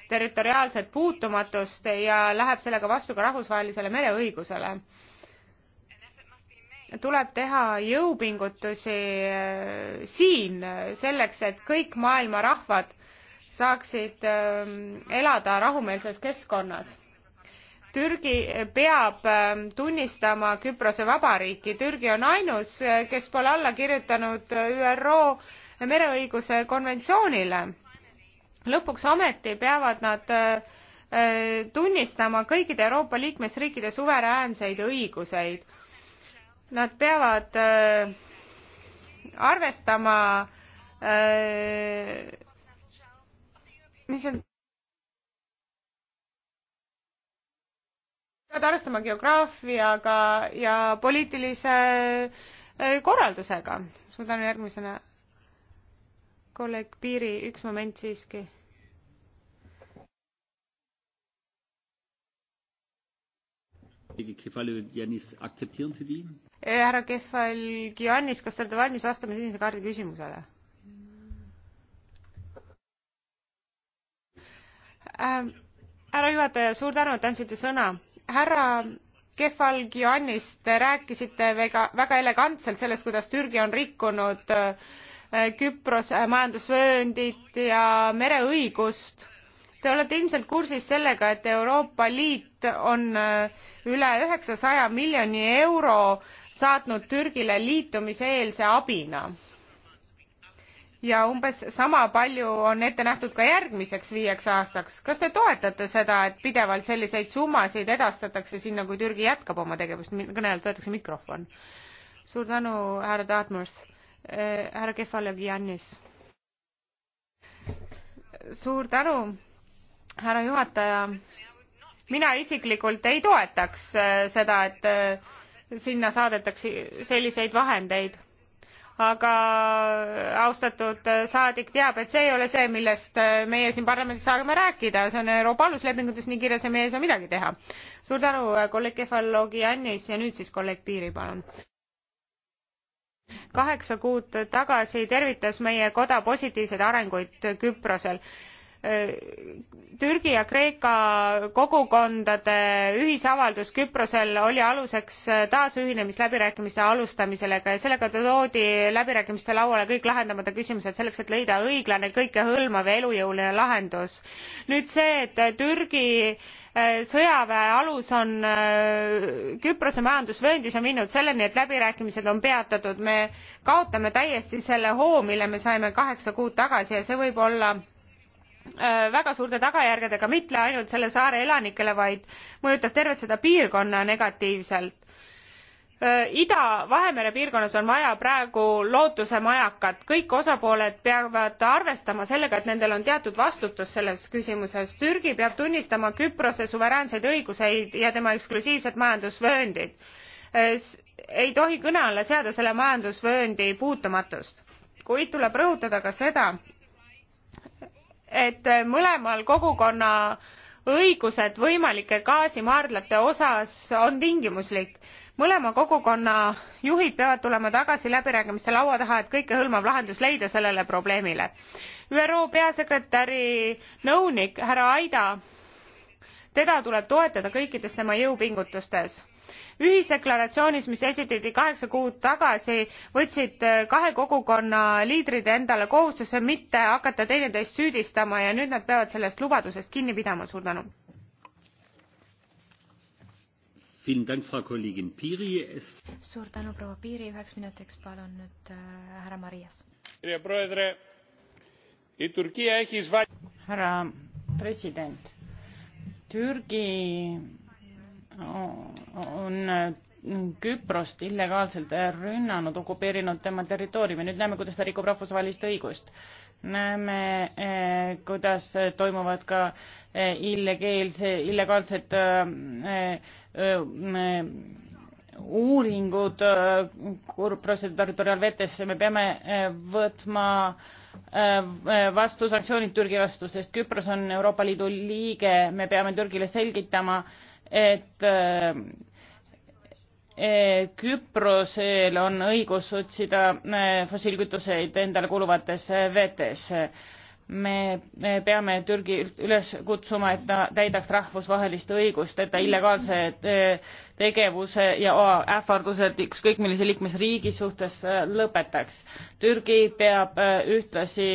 territoriaalset puutumatust ja läheb sellega vastu ka rahvusvahelisele mereõigusele. tuleb teha jõupingutusi äh, siin selleks, et kõik maailma rahvad saaksid ähm, elada rahumeelses keskkonnas Türgi peab ähm, tunnistama Küprose vabariiki. Türgi on ainus, äh, kes pole alla kirjutanud äh, ÜRO mereõiguse konventsioonile. lõpuks ometi peavad nad äh, tunnistama kõikide Euroopa liikmesriikide suveräänseid õiguseid. Nad peavad arvestama mis on peavad arvestama geograafiaga ja poliitilise eh, korraldusega. suur tänu järgmisena. kolleeg Piiri, üks moment siiski eh, härra Kefalgiannis, kas te olete valmis vastama sinise kaardi küsimusele? Ähm, härra juhataja, suur tänu, et andsite sõna härra Kefalgianist rääkisite väga, väga elegantselt sellest, kuidas Türgi on rikkunud äh, Küprose äh, majandusvööndit ja mereõigust. Te olete ilmselt kursis sellega, et Euroopa Liit on äh, üle üheksasaja miljoni euro saatnud Türgile liitumiseelse abina ja umbes sama palju on ette nähtud ka järgmiseks viieks aastaks. kas te toetate seda, et pidevalt selliseid summasid edastatakse sinna, kui Türgi jätkab oma tegevust, kõnelejalt võetakse mikrofon. suur tänu, härra Dartmouth, eh, härra Kefalogiannis. suur tänu, härra juhataja. mina isiklikult ei toetaks eh, seda, et eh, sinna saadetakse selliseid vahendeid aga austatud saadik teab, et see ei ole see, millest äh, meie siin parlamendis saame rääkida, see on Euroopa aluslepingutes nii kirjas ja meie ei saa midagi teha. suur tänu, äh, kolleeg Kefalogiannis ja nüüd siis kolleeg Piiri, palun. kaheksa kuud tagasi tervitas meie koda positiivseid arenguid Küprosel Türgi ja Kreeka kogukondade ühisavaldus Küprosel oli aluseks taasühinemisläbirääkimiste alustamisele ja sellega toodi läbirääkimiste lauale kõik lahendamata küsimused selleks, et leida õiglane, kõikehõlmav ja elujõuline lahendus. nüüd see, et Türgi äh, sõjaväe alus on äh, Küprose majandusvööndis on viinud selleni, et läbirääkimised on peatatud. me kaotame täiesti selle hoo, mille me saime kaheksa kuud tagasi ja see võib olla Äh, väga suurte tagajärgedega mitte ainult selle saare elanikele, vaid mõjutab tervet seda piirkonna negatiivselt. Äh, Ida-Vahemere piirkonnas on vaja praegu lootusemajakat, kõik osapooled peavad arvestama sellega, et nendel on teatud vastutus selles küsimuses. Türgi peab tunnistama Küprose suveräänseid õiguseid ja tema eksklusiivset majandusvööndit. Äh, ei tohi kõne alla seada selle majandusvööndi puutumatust, kuid tuleb rõhutada ka seda, et mõlemal kogukonna õigused võimalike gaasimaardlate osas on tingimuslik. mõlema kogukonna juhid peavad tulema tagasi läbirääkimiste laua taha, et kõikehõlmav lahendus leida sellele probleemile. ÜRO peasekretäri nõunik härra Aida, teda tuleb toetada kõikides tema jõupingutustes ühisdeklaratsioonis mis esitati kaheksa kuud tagasi võtsid äh, kahe kogukonna liidrid endale kohustuse mitte hakata teineteist süüdistama ja nüüd nad peavad sellest lubadusest kinni pidama suur tänu suur tänu proua Piiri, üheks minutiks palun nüüd äh, härra Marias. härra president, Türgi on Küprost illegaalselt rünnanud, okupeerinud tema territooriumi, nüüd näeme, kuidas ta rikub rahvusvahelist õigust. näeme, eh, kuidas toimuvad ka eh, illegeelse, illegaalsed eh, uuringud Küprose territoriaalvetesse, me peame võtma vastu sanktsioonid Türgi vastu, sest Küpros on Euroopa Liidu liige, me peame Türgile selgitama, Äh, et Küprosel on õigus otsida äh, fossiilkütuseid endale kuuluvates äh, vetes. me peame Türgi üles kutsuma, et ta täidaks rahvusvahelist õigust, et ta illegaalse tegevuse ja ähvardused ükskõik millise liikmesriigi suhtes lõpetaks. Türgi peab ühtlasi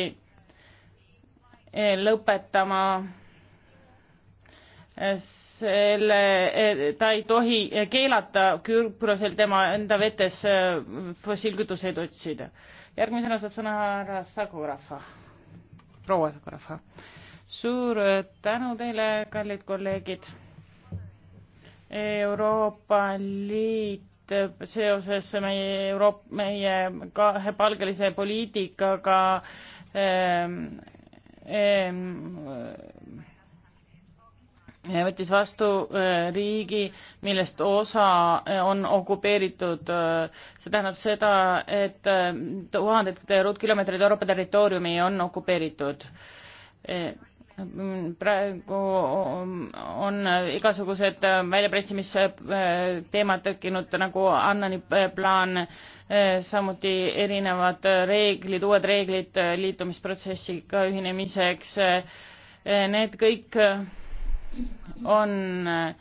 lõpetama selle, ta ei tohi keelata Küprosel tema enda vetes äh, fossiilkütuseid otsida. järgmisena saab sõna härra Sagurafa, proua Sagurafa. suur äh, tänu teile, kallid kolleegid. Euroopa Liit äh, seoses meie Euroop-, meie kahepalgelise poliitikaga ähm, ähm, võttis vastu äh, riigi, millest osa äh, on okupeeritud. see tähendab seda, et äh, tuhanded ruutkilomeetrid Euroopa territooriumi on okupeeritud. praegu on igasugused väljapressimisteemad tekkinud nagu Annani plaan, samuti erinevad reeglid, uued reeglid liitumisprotsessiga ühinemiseks. Need kõik on eh,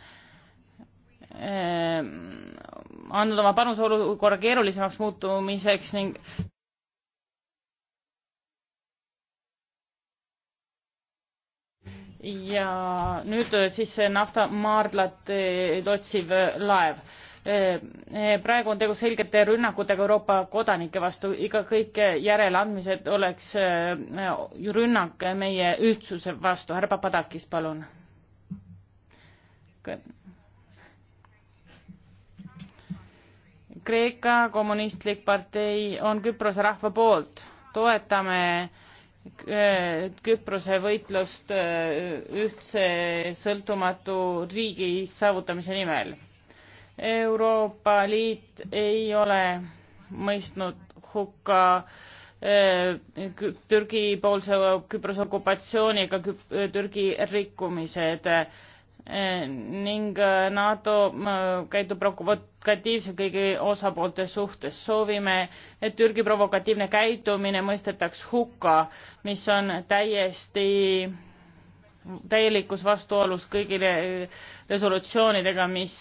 andnud oma panuse olukorra keerulisemaks muutumiseks ning ja nüüd siis see naftamaardlat otsiv laev. Eh, eh, praegu on tegu selgete rünnakutega Euroopa kodanike vastu, iga kõik järeleandmised oleks rünnak meie ühtsuse vastu. härra Papadakis, palun Kreeka kommunistlik partei on Küprose rahva poolt, toetame äh, Küprose võitlust äh, ühtse sõltumatu riigi saavutamise nimel. Euroopa Liit ei ole mõistnud hukka äh, Türgi poolse Küprose okupatsiooniga Türgi rikkumised Eh, ning eh, NATO eh, käitub provokatiivselt kõigi osapoolte suhtes. soovime, et Türgi provokatiivne käitumine mõistetaks hukka, mis on täiesti täielikus vastuolus kõigile resolutsioonidega, mis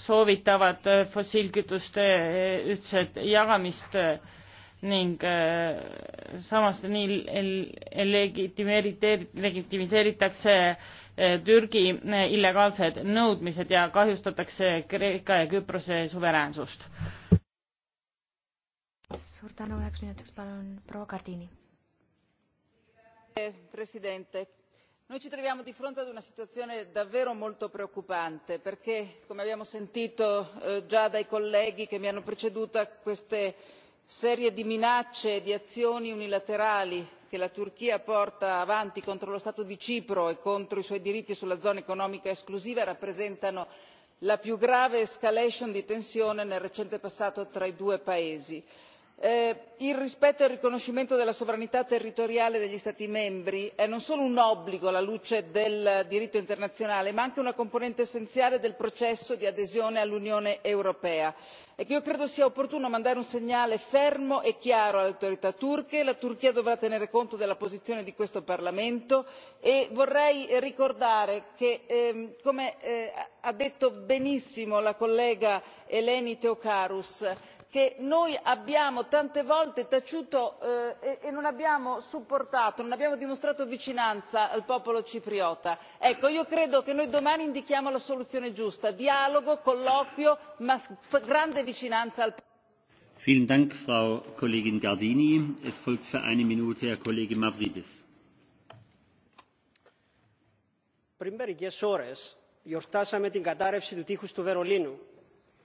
soovitavad fossiilkütuste ühtset jagamist ning äh, samas nii legitimeerite-, legitimiseeritakse äh, Türgi äh, illegaalsed nõudmised ja kahjustatakse Kreeka ja Küprose suveräänsust. suur tänu, üheks minutiks palun proua Kardini. president noi ci troviamo di fronte ad una situazione davvero molto preoccupante perché come abbiamo sentito eh, già dai colleghi che mi hanno preceduta queste serie di minacce e di azioni unilaterali che la turchia porta avanti contro lo stato di cipro e contro i suoi diritti sulla zona economica esclusiva rappresentano la più grave escalation di tensione nel recente passato tra i due paesi. Eh, il rispetto e il riconoscimento della sovranità territoriale degli stati membri è non solo un obbligo alla luce del diritto internazionale ma anche una componente essenziale del processo di adesione all'unione europea e che io credo sia opportuno mandare un segnale fermo e chiaro alle autorità turche la turchia dovrà tenere conto della posizione di questo parlamento e vorrei ricordare che ehm, come eh, ha detto benissimo la collega eleni theocharous che noi abbiamo tante volte taciuto eh, e, e non abbiamo supportato non abbiamo dimostrato vicinanza al popolo cipriota. ecco io credo che noi domani indichiamo la soluzione giusta dialogo colloquio ma grande vicinanza al. frau kollegin gardini es folgt für eine minute herr kollege mavrides. πριν μερικές ώρες γιορτάσαμε την κατάρρευση του τείχους του βερολίνου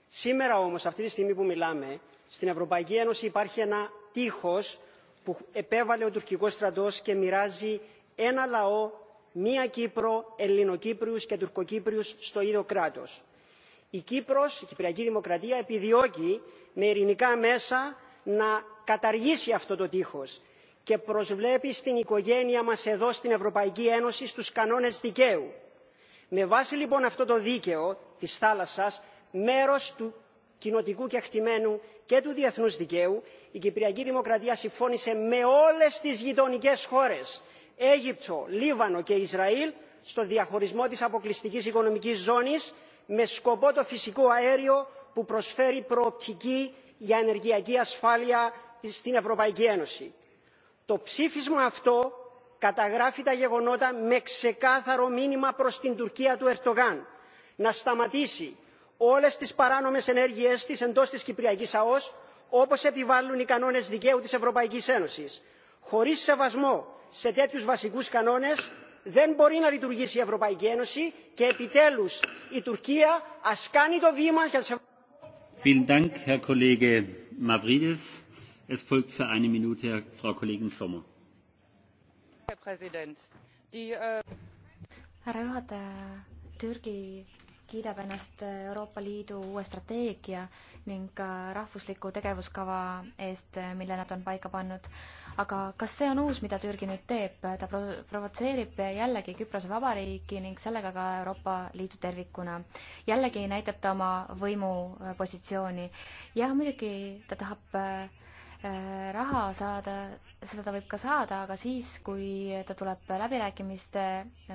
σήμερα όμως αυτή τη στιγμή που μιλάμε στην ευρωπαϊκή ένωση υπάρχει ένα τείχος που επέβαλε ο τουρκικός στρατός και μοιράζει ένα λαό μία κύπρο ελληνοκύπριους και τουρκοκύπριους στο ίδιο κράτος. η κύπρος η κυπριακή δημοκρατία επιδιώκει με ειρηνικά μέσα να καταργήσει αυτό το τείχος και προσβλέπει στην οικογένεια μας εδώ στην ευρωπαϊκή ένωση στους κανόνες δικαίου. με βάση λοιπόν αυτό το δίκαιο της θάλασσας μέρος του κοινοτικού κεκτημένου και του διεθνούς δικαίου η κυπριακή δημοκρατία συμφώνησε με όλες τις γειτονικές χώρες αίγυπτο λίβανο και ισραήλ στο διαχωρισμό της αποκλειστικής οικονομικής ζώνης με σκοπό το φυσικό αέριο που προσφέρει προοπτική για ενεργειακή ασφάλεια στην ευρωπαϊκή ένωση. το ψήφισμα αυτό καταγράφει τα γεγονότα με ξεκάθαρο μήνυμα προς την τουρκία του ερντογάν να σταματήσει όλες τις παράνομες ενέργειές της εντός της κυπριακής αός όπως επιβάλλουν οι κανόνες δικαίου της ευρωπαϊκής ένωσης. χωρίς σεβασμό σε τέτοιους βασικούς κανόνες δεν μπορεί να λειτουργήσει η ευρωπαϊκή ένωση και επιτέλους η τουρκία ας κάνει το βήμα για σεβασμό Vielen Dank, Herr Kollege Mavridis. Es folgt für eine Minute Frau Kollegin Sommer. Herr Präsident, die, äh... härra juhataja, Türgi kiidab ennast Euroopa Liidu uue strateegia ning rahvusliku tegevuskava eest, mille nad on paika pannud. aga kas see on uus, mida Türgi nüüd teeb? ta provotseerib jällegi Küprose Vabariiki ning sellega ka Euroopa Liitu tervikuna. jällegi näitab ta oma võimupositsiooni. Äh, jah, muidugi ta tahab äh, äh, raha saada, seda ta võib ka saada, aga siis, kui ta tuleb läbirääkimiste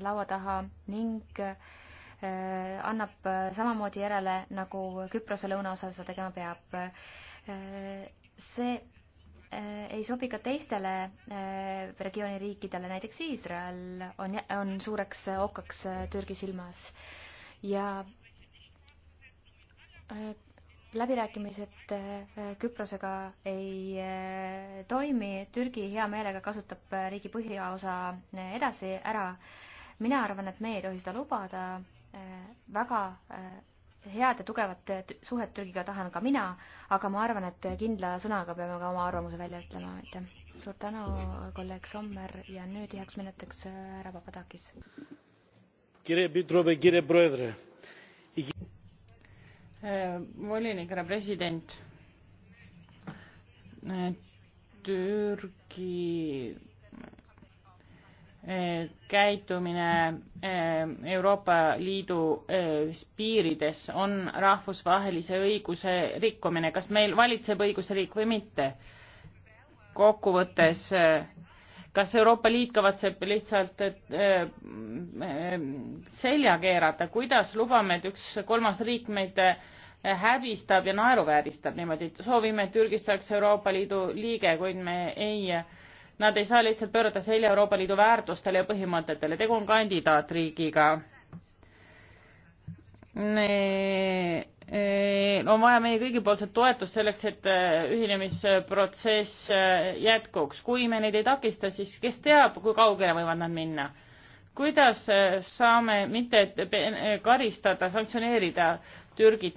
laua taha ning äh, Äh, annab äh, samamoodi järele, nagu Küprose lõunaosal seda tegema peab. Äh, see ei sobi ka teistele regiooni riikidele, näiteks Iisrael on, on suureks okaks Türgi silmas ja läbirääkimised Küprosega ei toimi, Türgi hea meelega kasutab riigi põhjaosa edasi ära. mina arvan, et me ei tohi seda lubada Äh, väga äh, head ja tugevat suhet Türgiga tahan ka mina, aga ma arvan, et kindla sõnaga peame ka oma arvamuse välja ütlema, aitäh. suur tänu, kolleeg Sommer ja nüüd heaks minutiks äh, härra Papadakis. volinik, härra president. Türgi Eh, käitumine eh, Euroopa Liidu eh, piirides on rahvusvahelise õiguse rikkumine, kas meil valitseb õigusriik või mitte. kokkuvõttes, kas Euroopa Liit kavatseb lihtsalt selja keerata, kuidas lubame, et üks kolmas riik meid häbistab ja naeruvääristab niimoodi, et soovime, et Türgist saaks Euroopa Liidu liige, kuid me ei äh, Nad ei saa lihtsalt pöörata selja Euroopa Liidu väärtustele ja põhimõtetele, tegu on kandidaatriigiga. E, on vaja meie kõigipoolset toetust selleks, et e, ühinemisprotsess e, jätkuks. kui me neid ei takista, siis kes teab, kui kaugele võivad nad minna kuidas saame mitte karistada, sanktsioneerida Türgit,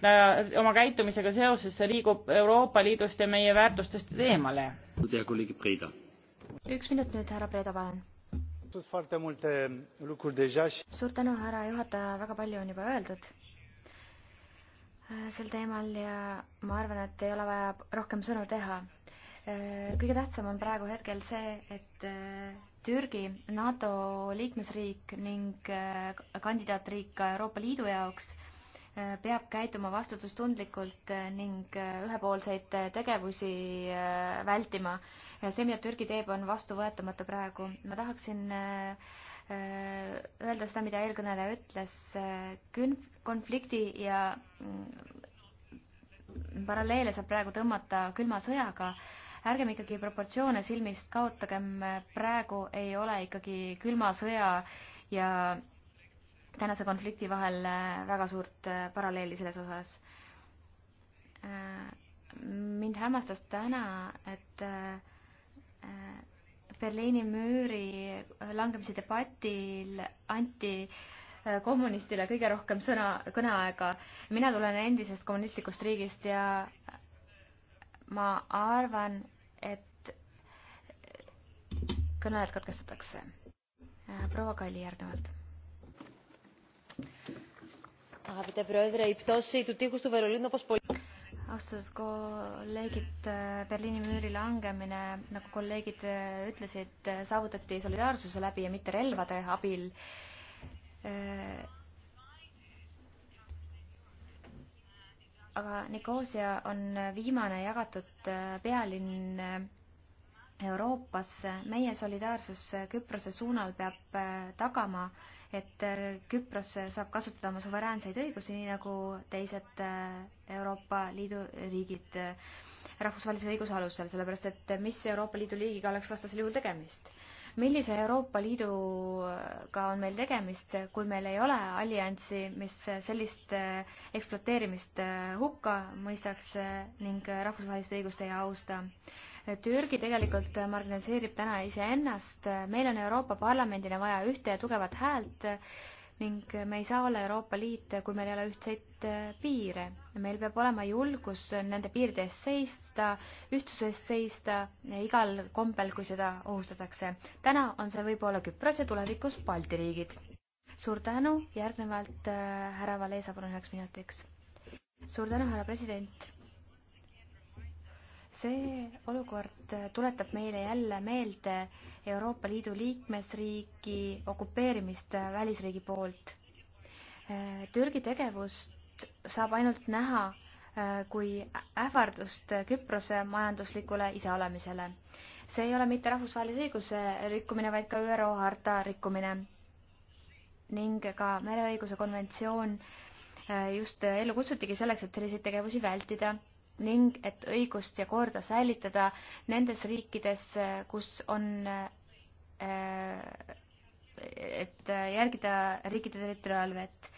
oma käitumisega seoses liigub Euroopa Liidust ja meie väärtustest eemale. kolleeg Priida üks minut nüüd, härra Preeda, palun. suur tänu, härra juhataja, väga palju on juba öeldud äh, sel teemal ja ma arvan, et ei ole vaja rohkem sõnu teha. Äh, kõige tähtsam on praegu hetkel see, et äh, Türgi, NATO liikmesriik ning kandidaatriik ka Euroopa Liidu jaoks peab käituma vastutustundlikult eh, ning eh, ühepoolseid eh, tegevusi vältima. see, mida Türgi teeb, on vastuvõetamatu praegu. ma tahaksin öelda seda, mida eelkõneleja ütles, konflikti ja mm, paralleele saab praegu tõmmata külma sõjaga ärgem ikkagi proportsioone silmist kaotagem, praegu ei ole ikkagi külma sõja ja tänase konflikti vahel äh, väga suurt äh, paralleeli selles osas. Äh, mind hämmastas täna, et Berliini müüri langemise debatil anti kommunistile kõige rohkem sõna, kõneaega. mina tulen endisest kommunistlikust riigist ja ma arvan, et kõneajad katkestatakse. proua Kalli järgnevalt austatud kolleegid, Berliini müüri langemine, nagu kolleegid äh, ütlesid, äh, saavutati solidaarsuse läbi ja mitte relvade abil äh, aga Nikosia on viimane jagatud pealinn Euroopas. meie solidaarsus Küprose suunal peab tagama, et äh, Küpros saab kasutada oma suveräänseid õigusi, nii nagu teised äh, Euroopa Liidu riigid äh, rahvusvahelise õiguse alusel, sellepärast et mis Euroopa Liidu liigiga oleks vastasel juhul tegemist? millise Euroopa Liiduga on meil tegemist, kui meil ei ole allianssi, mis sellist ekspluateerimist hukka mõistaks ning rahvusvahelist õigust ei austa? Türgi tegelikult marginaliseerib täna iseennast, meil on Euroopa Parlamendile vaja ühte ja tugevat häält ning me ei saa olla Euroopa Liit, kui meil ei ole ühtseid piire. meil peab olema julgus nende piiride eest seista, ühtsuse eest seista igal kombel, kui seda ohustatakse. täna on see võib-olla Küpros ja tulevikus Balti riigid. suur tänu, järgnevalt äh, härra Valesa, palun üheks minutiks. suur tänu, härra president see olukord tuletab meile jälle meelde Euroopa Liidu liikmesriigi okupeerimist välisriigi poolt. Türgi tegevust saab ainult näha äh, kui ähvardust Küprose majanduslikule iseolemisele. see ei ole mitte rahvusvahelise õiguse rikkumine, vaid ka ÜRO harta rikkumine ning ka mereõiguse konventsioon äh, just ellu kutsutigi selleks, et selliseid tegevusi vältida ning et õigust ja korda säilitada nendes riikides, kus on äh, et järgida riikide territoriaalvett.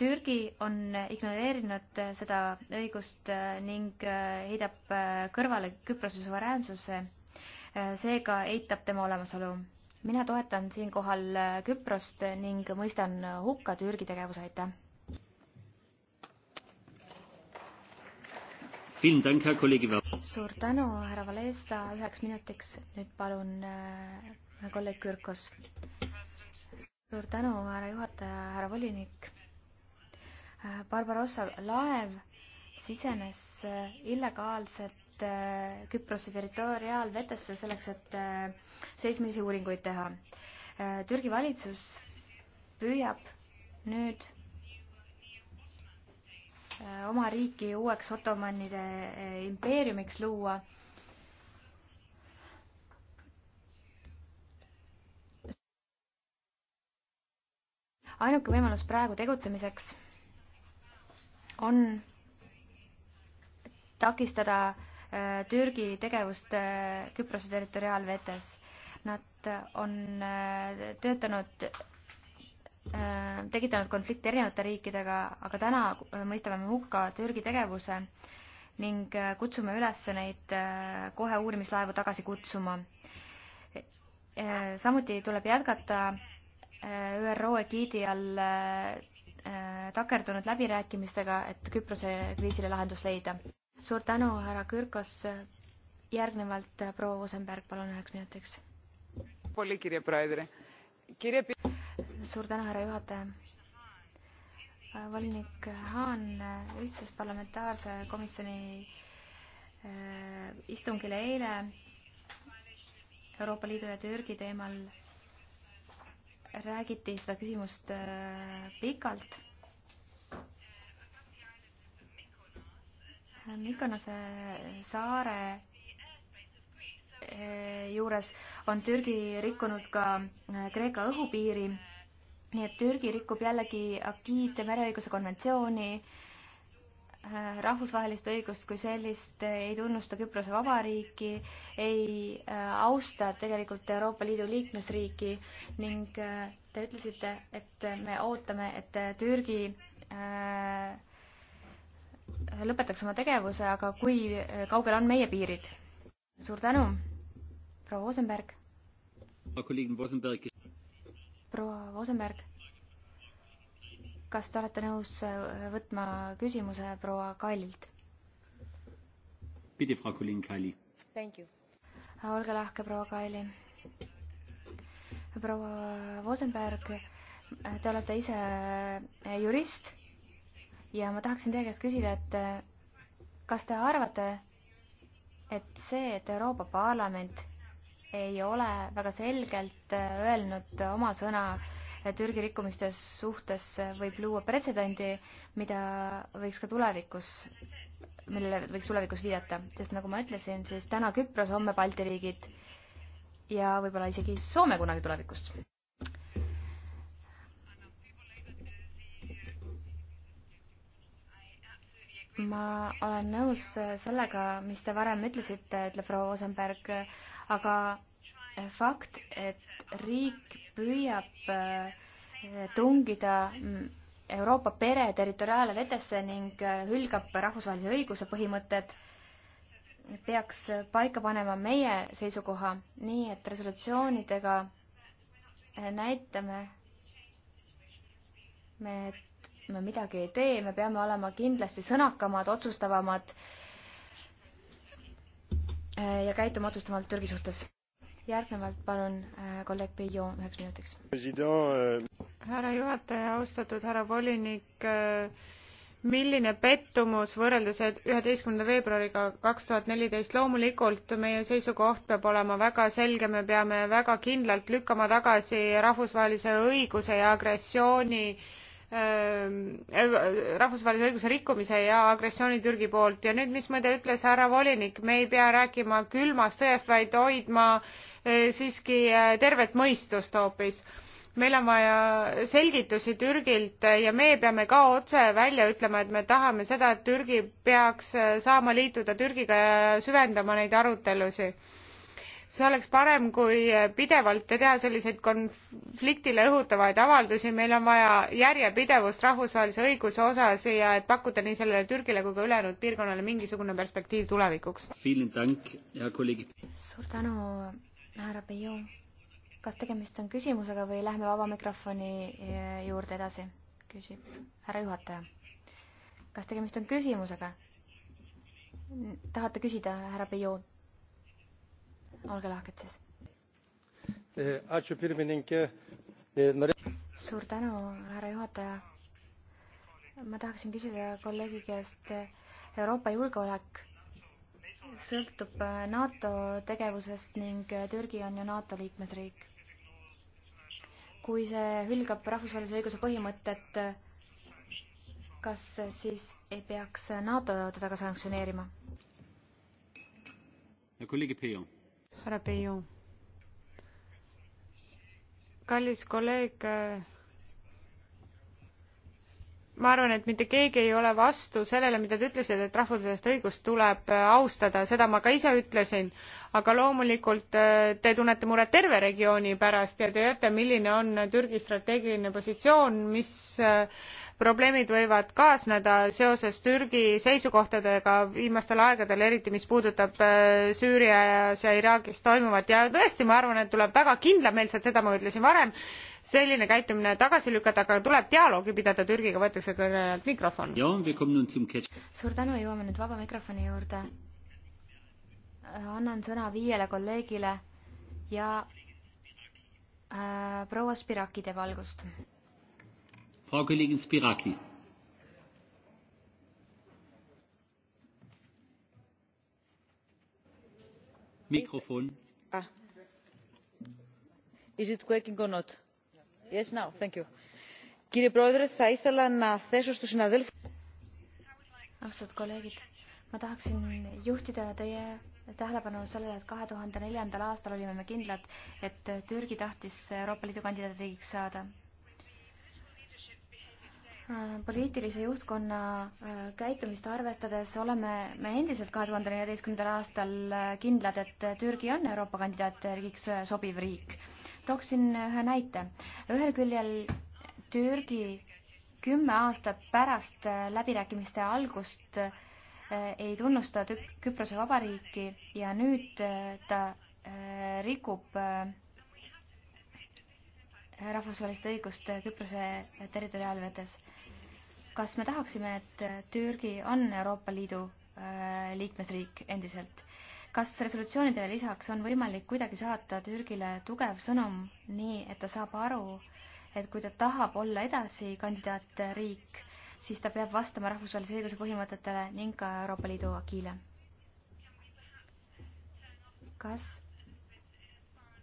Türgi on ignoreerinud seda õigust äh, ning äh, heidab kõrvale Küprose suveräänsuse, seega eitab tema olemasolu. mina toetan siinkohal Küprost ning mõistan hukka Türgi tegevuse, aitäh! suur tänu, härra Valesa, üheks minutiks nüüd palun äh, kolleeg Kürkos. suur tänu, härra juhataja, härra volinik. Äh, Barbarossa laev sisenes äh, illegaalselt äh, Küprose territoriaalvetesse selleks, et äh, seismisi uuringuid teha. Äh, Türgi valitsus püüab nüüd Äh, oma riiki uueks ottomanide äh, impeeriumiks luua. ainuke võimalus praegu tegutsemiseks on takistada äh, Türgi tegevust Küprose territoriaalvetes. Nad on töötanud tekitanud konflikte erinevate riikidega, aga täna äh, mõistame me hukka Türgi tegevuse ning äh, kutsume üles neid äh, kohe uurimislaevu tagasi kutsuma. samuti tuleb jätkata ÜRO egiidi all takerdunud läbirääkimistega, et Küprose kriisile lahendus leida. suur tänu, härra Kürkos. järgnevalt proua Osenberg, palun üheks minutiks suur tänu, härra juhataja. volinik Haan ühtses parlamentaarse komisjoni äh, istungile eile Euroopa Liidu ja Türgi teemal räägiti seda küsimust äh, pikalt. Mikonose saare Eh, juures on Türgi rikkunud ka eh, Kreeka õhupiiri. nii et Türgi rikub jällegi Akiite mereõiguse konventsiooni, eh, rahvusvahelist õigust kui sellist, ei tunnusta Küprose Vabariiki, ei austa tegelikult Euroopa Liidu liikmesriiki ning te ütlesite, et me ootame, et Türgi lõpetaks oma tegevuse, aga kui kaugel on meie piirid? suur tänu, proua Osenberg. proua Osenberg, kas te olete nõus äh, võtma küsimuse proua Kaililt? Äh, olge lahke, proua Kaili. proua Osenberg, äh, te olete ise jurist ja ma tahaksin teie käest küsida, et kas te arvate, et see, et Euroopa Parlament ei ole väga selgelt äh, öelnud oma sõna äh, Türgi rikkumiste suhtes, äh, võib luua pretsedendi, mida võiks ka tulevikus, millele võiks tulevikus viidata, sest nagu ma ütlesin, siis täna Küpros, homme Balti riigid ja võib-olla isegi Soome kunagi tulevikus. ma olen nõus sellega, mis te varem ütlesite, ütleb proua Osenberg, aga fakt, et riik püüab äh, tungida mm, Euroopa pere territoriaalvetesse ning äh, hülgab rahvusvahelise õiguse põhimõtted, peaks paika panema meie seisukoha, nii et resolutsioonidega äh, näitame me, et me midagi ei tee, me peame olema kindlasti sõnakamad, otsustavamad äh, ja käituma otsustavalt Türgi suhtes. järgnevalt palun äh, kolleeg Pion üheks minutiks. Äh, härra juhataja, austatud härra volinik, milline pettumus võrreldes üheteistkümnenda veebruariga kaks tuhat neliteist loomulikult meie seisukoht peab olema väga selge me peame väga kindlalt lükkama tagasi rahvusvahelise õiguse ja agressiooni äh, Ehm, eh, rahvusvahelise õiguse rikkumise ja agressiooni Türgi poolt ja nüüd, mis muide ütles härra volinik, me ei pea rääkima külmast sõjast, vaid hoidma eh, siiski eh, tervet mõistust hoopis. meil on vaja selgitusi Türgilt ja meie peame ka otse välja ütlema, et me tahame seda, et Türgi peaks saama liituda Türgiga ja süvendama neid arutelusid see oleks parem, kui pidevalt teha selliseid konfliktile õhutavaid avaldusi, meil on vaja järjepidevust rahvusvahelise õiguse osas ja et pakkuda nii sellele Türgile kui ka ülejäänud piirkonnale mingisugune perspektiiv tulevikuks. suur tänu, härra Peiu. kas tegemist on küsimusega või lähme vaba mikrofoni eh, juurde edasi, küsib härra juhataja. kas tegemist on küsimusega? tahate küsida, härra Peiu? olge lahked siis. Eh, eh, suur tänu, härra juhataja. ma tahaksin küsida kolleegi käest, eh, Euroopa julgeolek sõltub NATO tegevusest ning Türgi on ju NATO liikmesriik. kui see hülgab rahvusvahelise õiguse põhimõtet, kas siis ei peaks NATO teda ka sanktsioneerima? kolleeg Peio härra Peiu. kallis kolleeg, ma arvan, et mitte keegi ei ole vastu sellele, mida te ütlesite, et rahvusvahelist õigust tuleb austada, seda ma ka ise ütlesin, aga loomulikult äh, te tunnete muret terve regiooni pärast ja te teate, milline on Türgi strateegiline positsioon, mis äh, probleemid võivad kaasneda seoses Türgi seisukohtadega viimastel aegadel, eriti mis puudutab äh, Süürias ja Iraagis toimuvat ja tõesti, ma arvan, et tuleb väga kindlameelselt, seda ma ütlesin varem, selline käitumine tagasi lükata, aga tuleb dialoogi pidada Türgiga, võetakse kõnelejalt mikrofon. suur tänu, jõuame nüüd vaba mikrofoni juurde. Äh, annan sõna viiele kolleegile ja äh, proua Spiraki teeb algust Frau Kollegin Spiraki. Mikrofon. Ah. Is it working or not? Yes, now. Thank you. Κύριε Πρόεδρε, θα ήθελα να θέσω στους συναδέλφους... Austatud kolleegid, ma tahaksin juhtida teie tähelepanu sellele, et kahe tuhande neljandal aastal olime me kindlad, et Türgi tahtis Euroopa Liidu kandidaatriigiks saada Äh, poliitilise juhtkonna äh, käitumist arvestades oleme me endiselt kahe tuhande neljateistkümnendal aastal äh, kindlad, et Türgi on Euroopa kandidaatriigiks sobiv riik. tooksin ühe näite. ühel küljel Türgi kümme aastat pärast läbirääkimiste algust ei tunnusta Küprose Vabariiki ja nüüd ta rikub rahvusvahelist õigust Küprose territoriaalvetes. kas me tahaksime, et Türgi on Euroopa Liidu äh, liikmesriik endiselt? kas resolutsioonidele lisaks on võimalik kuidagi saata Türgile tugev sõnum, nii et ta saab aru, et kui ta tahab olla edasi kandidaatriik, siis ta peab vastama rahvusvahelise õiguse põhimõtetele ning ka Euroopa Liidu agiile? kas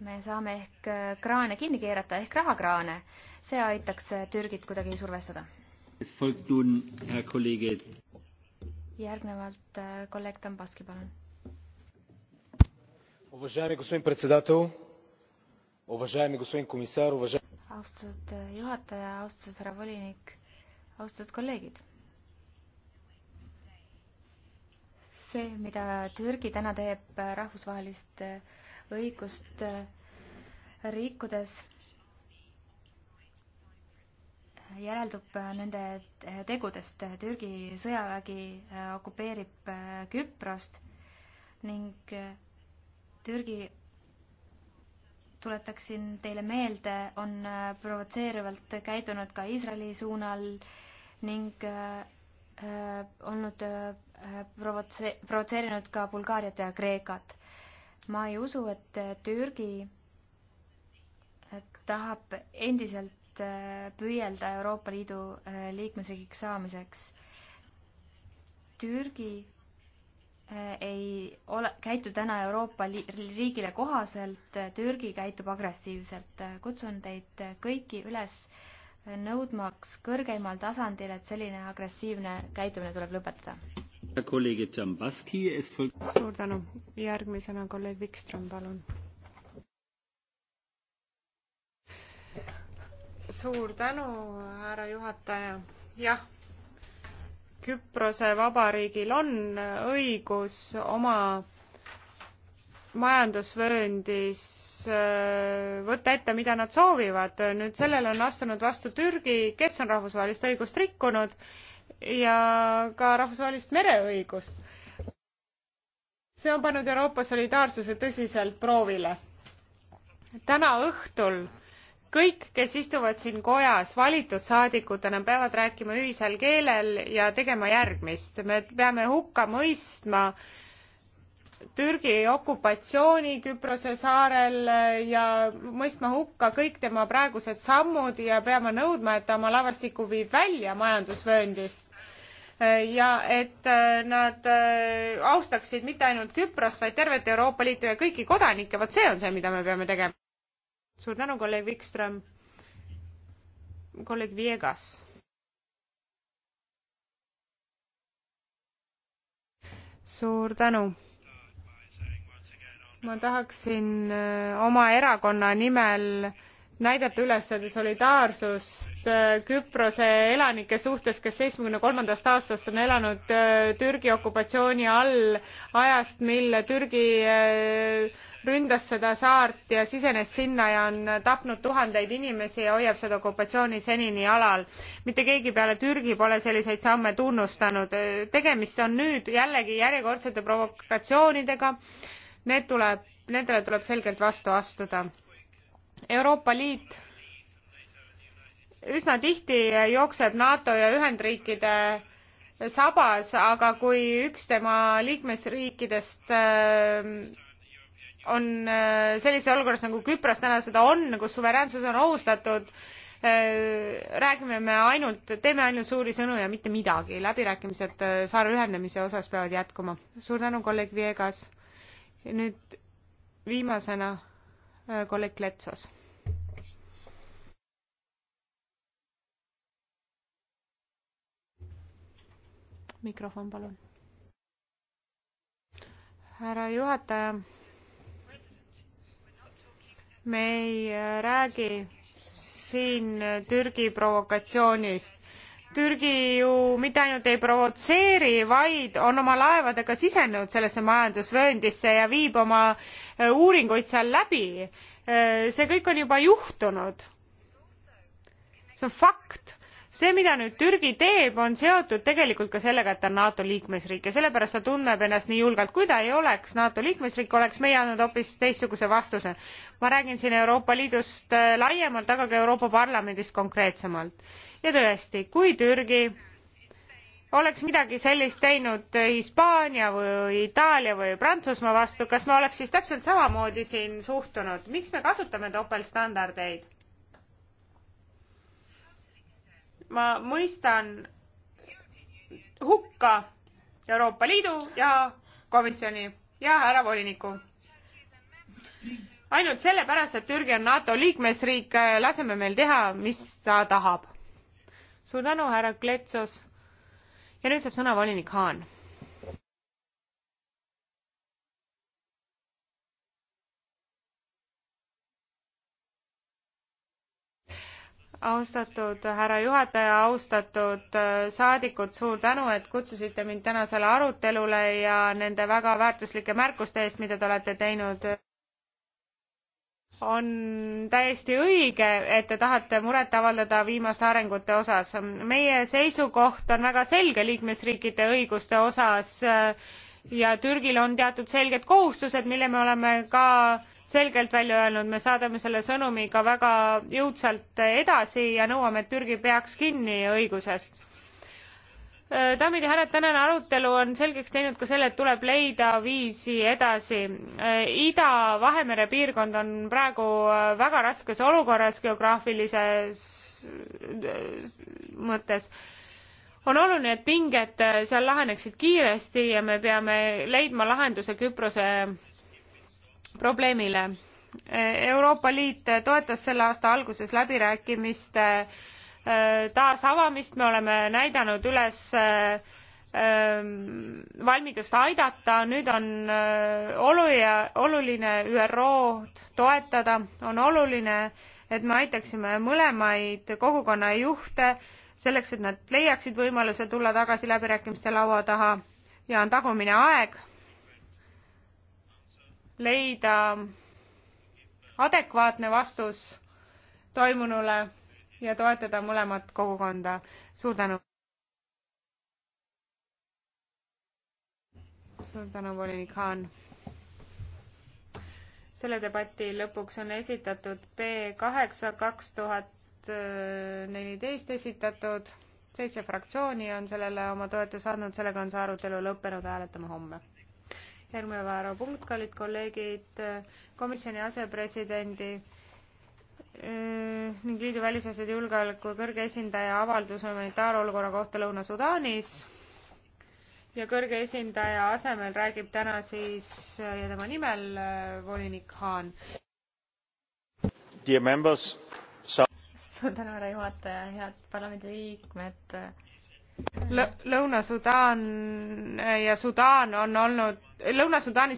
me saame ehk äh, kraane kinni keerata ehk rahakraane. see aitaks äh, Türgit kuidagi survestada. järgnevalt äh, kolleeg Tambaski, palun. austatud juhataja, austatud härra volinik, austatud kolleegid see, mida Türgi täna teeb rahvusvahelist õigust äh, rikkudes järeldub äh, nende äh, tegudest. Türgi sõjavägi okupeerib Küprost ning Türgi, tuletaksin teile meelde, on provotseerivalt käidunud ka Iisraeli suunal ning olnud provotse-, provotseerinud ka Bulgaariat ja Kreekat ma ei usu, et äh, Türgi äh, tahab endiselt äh, püüelda Euroopa Liidu liikmesriigiks saamiseks. Türgi ei ole, käitu täna Euroopa riigile kohaselt, Türgi käitub agressiivselt. kutsun teid kõiki üles nõudmaks kõrgeimal tasandil, et selline agressiivne käitumine tuleb lõpetada suur tänu, järgmisena kolleeg Vikström, palun. suur tänu, härra juhataja, jah Küprose vabariigil on õigus oma majandusvööndis äh, võtta ette, mida nad soovivad. nüüd sellele on astunud vastu Türgi, kes on rahvusvahelist õigust rikkunud ja ka rahvusvahelist mereõigust. see on pannud Euroopa solidaarsuse tõsiselt proovile. täna õhtul kõik, kes istuvad siin kojas valitud saadikutena, peavad rääkima ühisel keelel ja tegema järgmist. me peame hukka mõistma äh, Türgi okupatsiooni Küprose saarel eh, ja mõistma hukka kõik tema praegused sammud ja peame nõudma, et ta oma laevastiku viib välja majandusvööndist eh, ja et eh, nad austaksid mitte ainult Küprost, vaid tervet Euroopa Liitu ja kõiki kodanikke, vot see on see, mida me peame tegema. suur tänu, kolleeg Wikström. kolleeg Viegas. suur tänu ma tahaksin äh, oma erakonna nimel näidata üles solidaarsust äh, Küprose elanike suhtes, kes seitsmekümne kolmandast aastast on elanud äh, Türgi okupatsiooni all, ajast, mil Türgi ründas seda saart ja sisenes sinna ja on tapnud tuhandeid inimesi ja hoiab seda okupatsiooni senini alal. mitte keegi peale Türgi pole selliseid samme tunnustanud. tegemist on nüüd jällegi järjekordsete provokatsioonidega need tuleb, nendele tuleb selgelt vastu astuda. Euroopa Liit üsna tihti jookseb NATO ja Ühendriikide sabas, aga kui üks tema liikmesriikidest äh, on äh, sellises olukorras nagu Küpros täna seda on, kus suveräänsus on ohustatud, äh, räägime me ainult, teeme ainult suuri sõnu ja mitte midagi. läbirääkimised saare ühendamise osas peavad jätkuma. suur tänu, kolleeg Viegas nüüd viimasena äh, kolleeg Letsas. mikrofon, palun. härra juhataja, me ei äh, räägi siin Türgi provokatsioonist Türgi ju mitte ainult ei provotseeri, vaid on oma laevadega sisenenud sellesse majandusvööndisse ja viib oma äh, uuringuid seal läbi. Äh, see kõik on juba juhtunud. see on fakt see, mida nüüd Türgi teeb, on seotud tegelikult ka sellega, et ta on NATO liikmesriik ja sellepärast ta tunneb ennast nii julgelt. kui ta ei oleks NATO liikmesriik, oleks meie andnud hoopis teistsuguse vastuse. ma räägin siin Euroopa Liidust äh, laiemalt, aga ka Euroopa Parlamendist konkreetsemalt. ja tõesti, kui Türgi oleks midagi sellist teinud Hispaania või Itaalia või Prantsusmaa vastu, kas me oleks siis täpselt samamoodi siin suhtunud? miks me kasutame topeltstandardeid? ma mõistan hukka Euroopa Liidu ja komisjoni ja härra voliniku. ainult sellepärast, et Türgi on NATO liikmesriik, laseme meil teha, mis ta tahab. suur tänu, härra Kletsos. ja nüüd saab sõna volinik Haan austatud härra juhataja, austatud äh, saadikud, suur tänu, et kutsusite mind tänasele arutelule ja nende väga väärtuslike märkuste eest, mida te olete teinud. on täiesti õige, et te tahate muret avaldada viimaste arengute osas. meie seisukoht on väga selge liikmesriikide õiguste osas äh, ja Türgil on teatud selged kohustused, mille me oleme ka selgelt välja öelnud me saadame selle sõnumi ka väga jõudsalt edasi ja nõuame et türgi peaks kinni õigusest äh, daamid ja härrad tänane arutelu on selgeks teinud ka selle et tuleb leida viisi edasi äh, ida vahemere piirkond on praegu äh, väga raskes olukorras geograafilises mõttes on oluline et pinged seal laheneksid kiiresti ja me peame leidma lahenduse küprose probleemile. Euroopa Liit toetas selle aasta alguses läbirääkimiste äh, taasavamist, me oleme näidanud üles ähm, valmidust aidata, nüüd on äh, oluline, oluline ÜRO-d toetada, on oluline, et me aitaksime mõlemaid kogukonna juhte selleks, et nad leiaksid võimaluse tulla tagasi läbirääkimiste laua taha ja on tagumine aeg leida adekvaatne vastus toimunule ja toetada mõlemat kogukonda. suur tänu. suur tänu, volinik Haan. selle debati lõpuks on esitatud B kaheksa kaks tuhat neliteist esitatud, seitse fraktsiooni on sellele oma toetuse andnud, sellega on see arutelu lõppenud, hääletame homme järgmine päevapunkt, kallid kolleegid, komisjoni asepresidendi äh, ning liidu välisasjade julgeoleku kõrge esindaja avaldus humanitaarolukorra kohta Lõuna-Sudaanis ja kõrge esindaja asemel räägib täna siis äh, ja tema nimel äh, volinik Haan. suur tänu, härra juhataja, head parlamendiliikmed Lõuna-Sudaan ja Sudaan on olnud, Lõuna-Sudaanis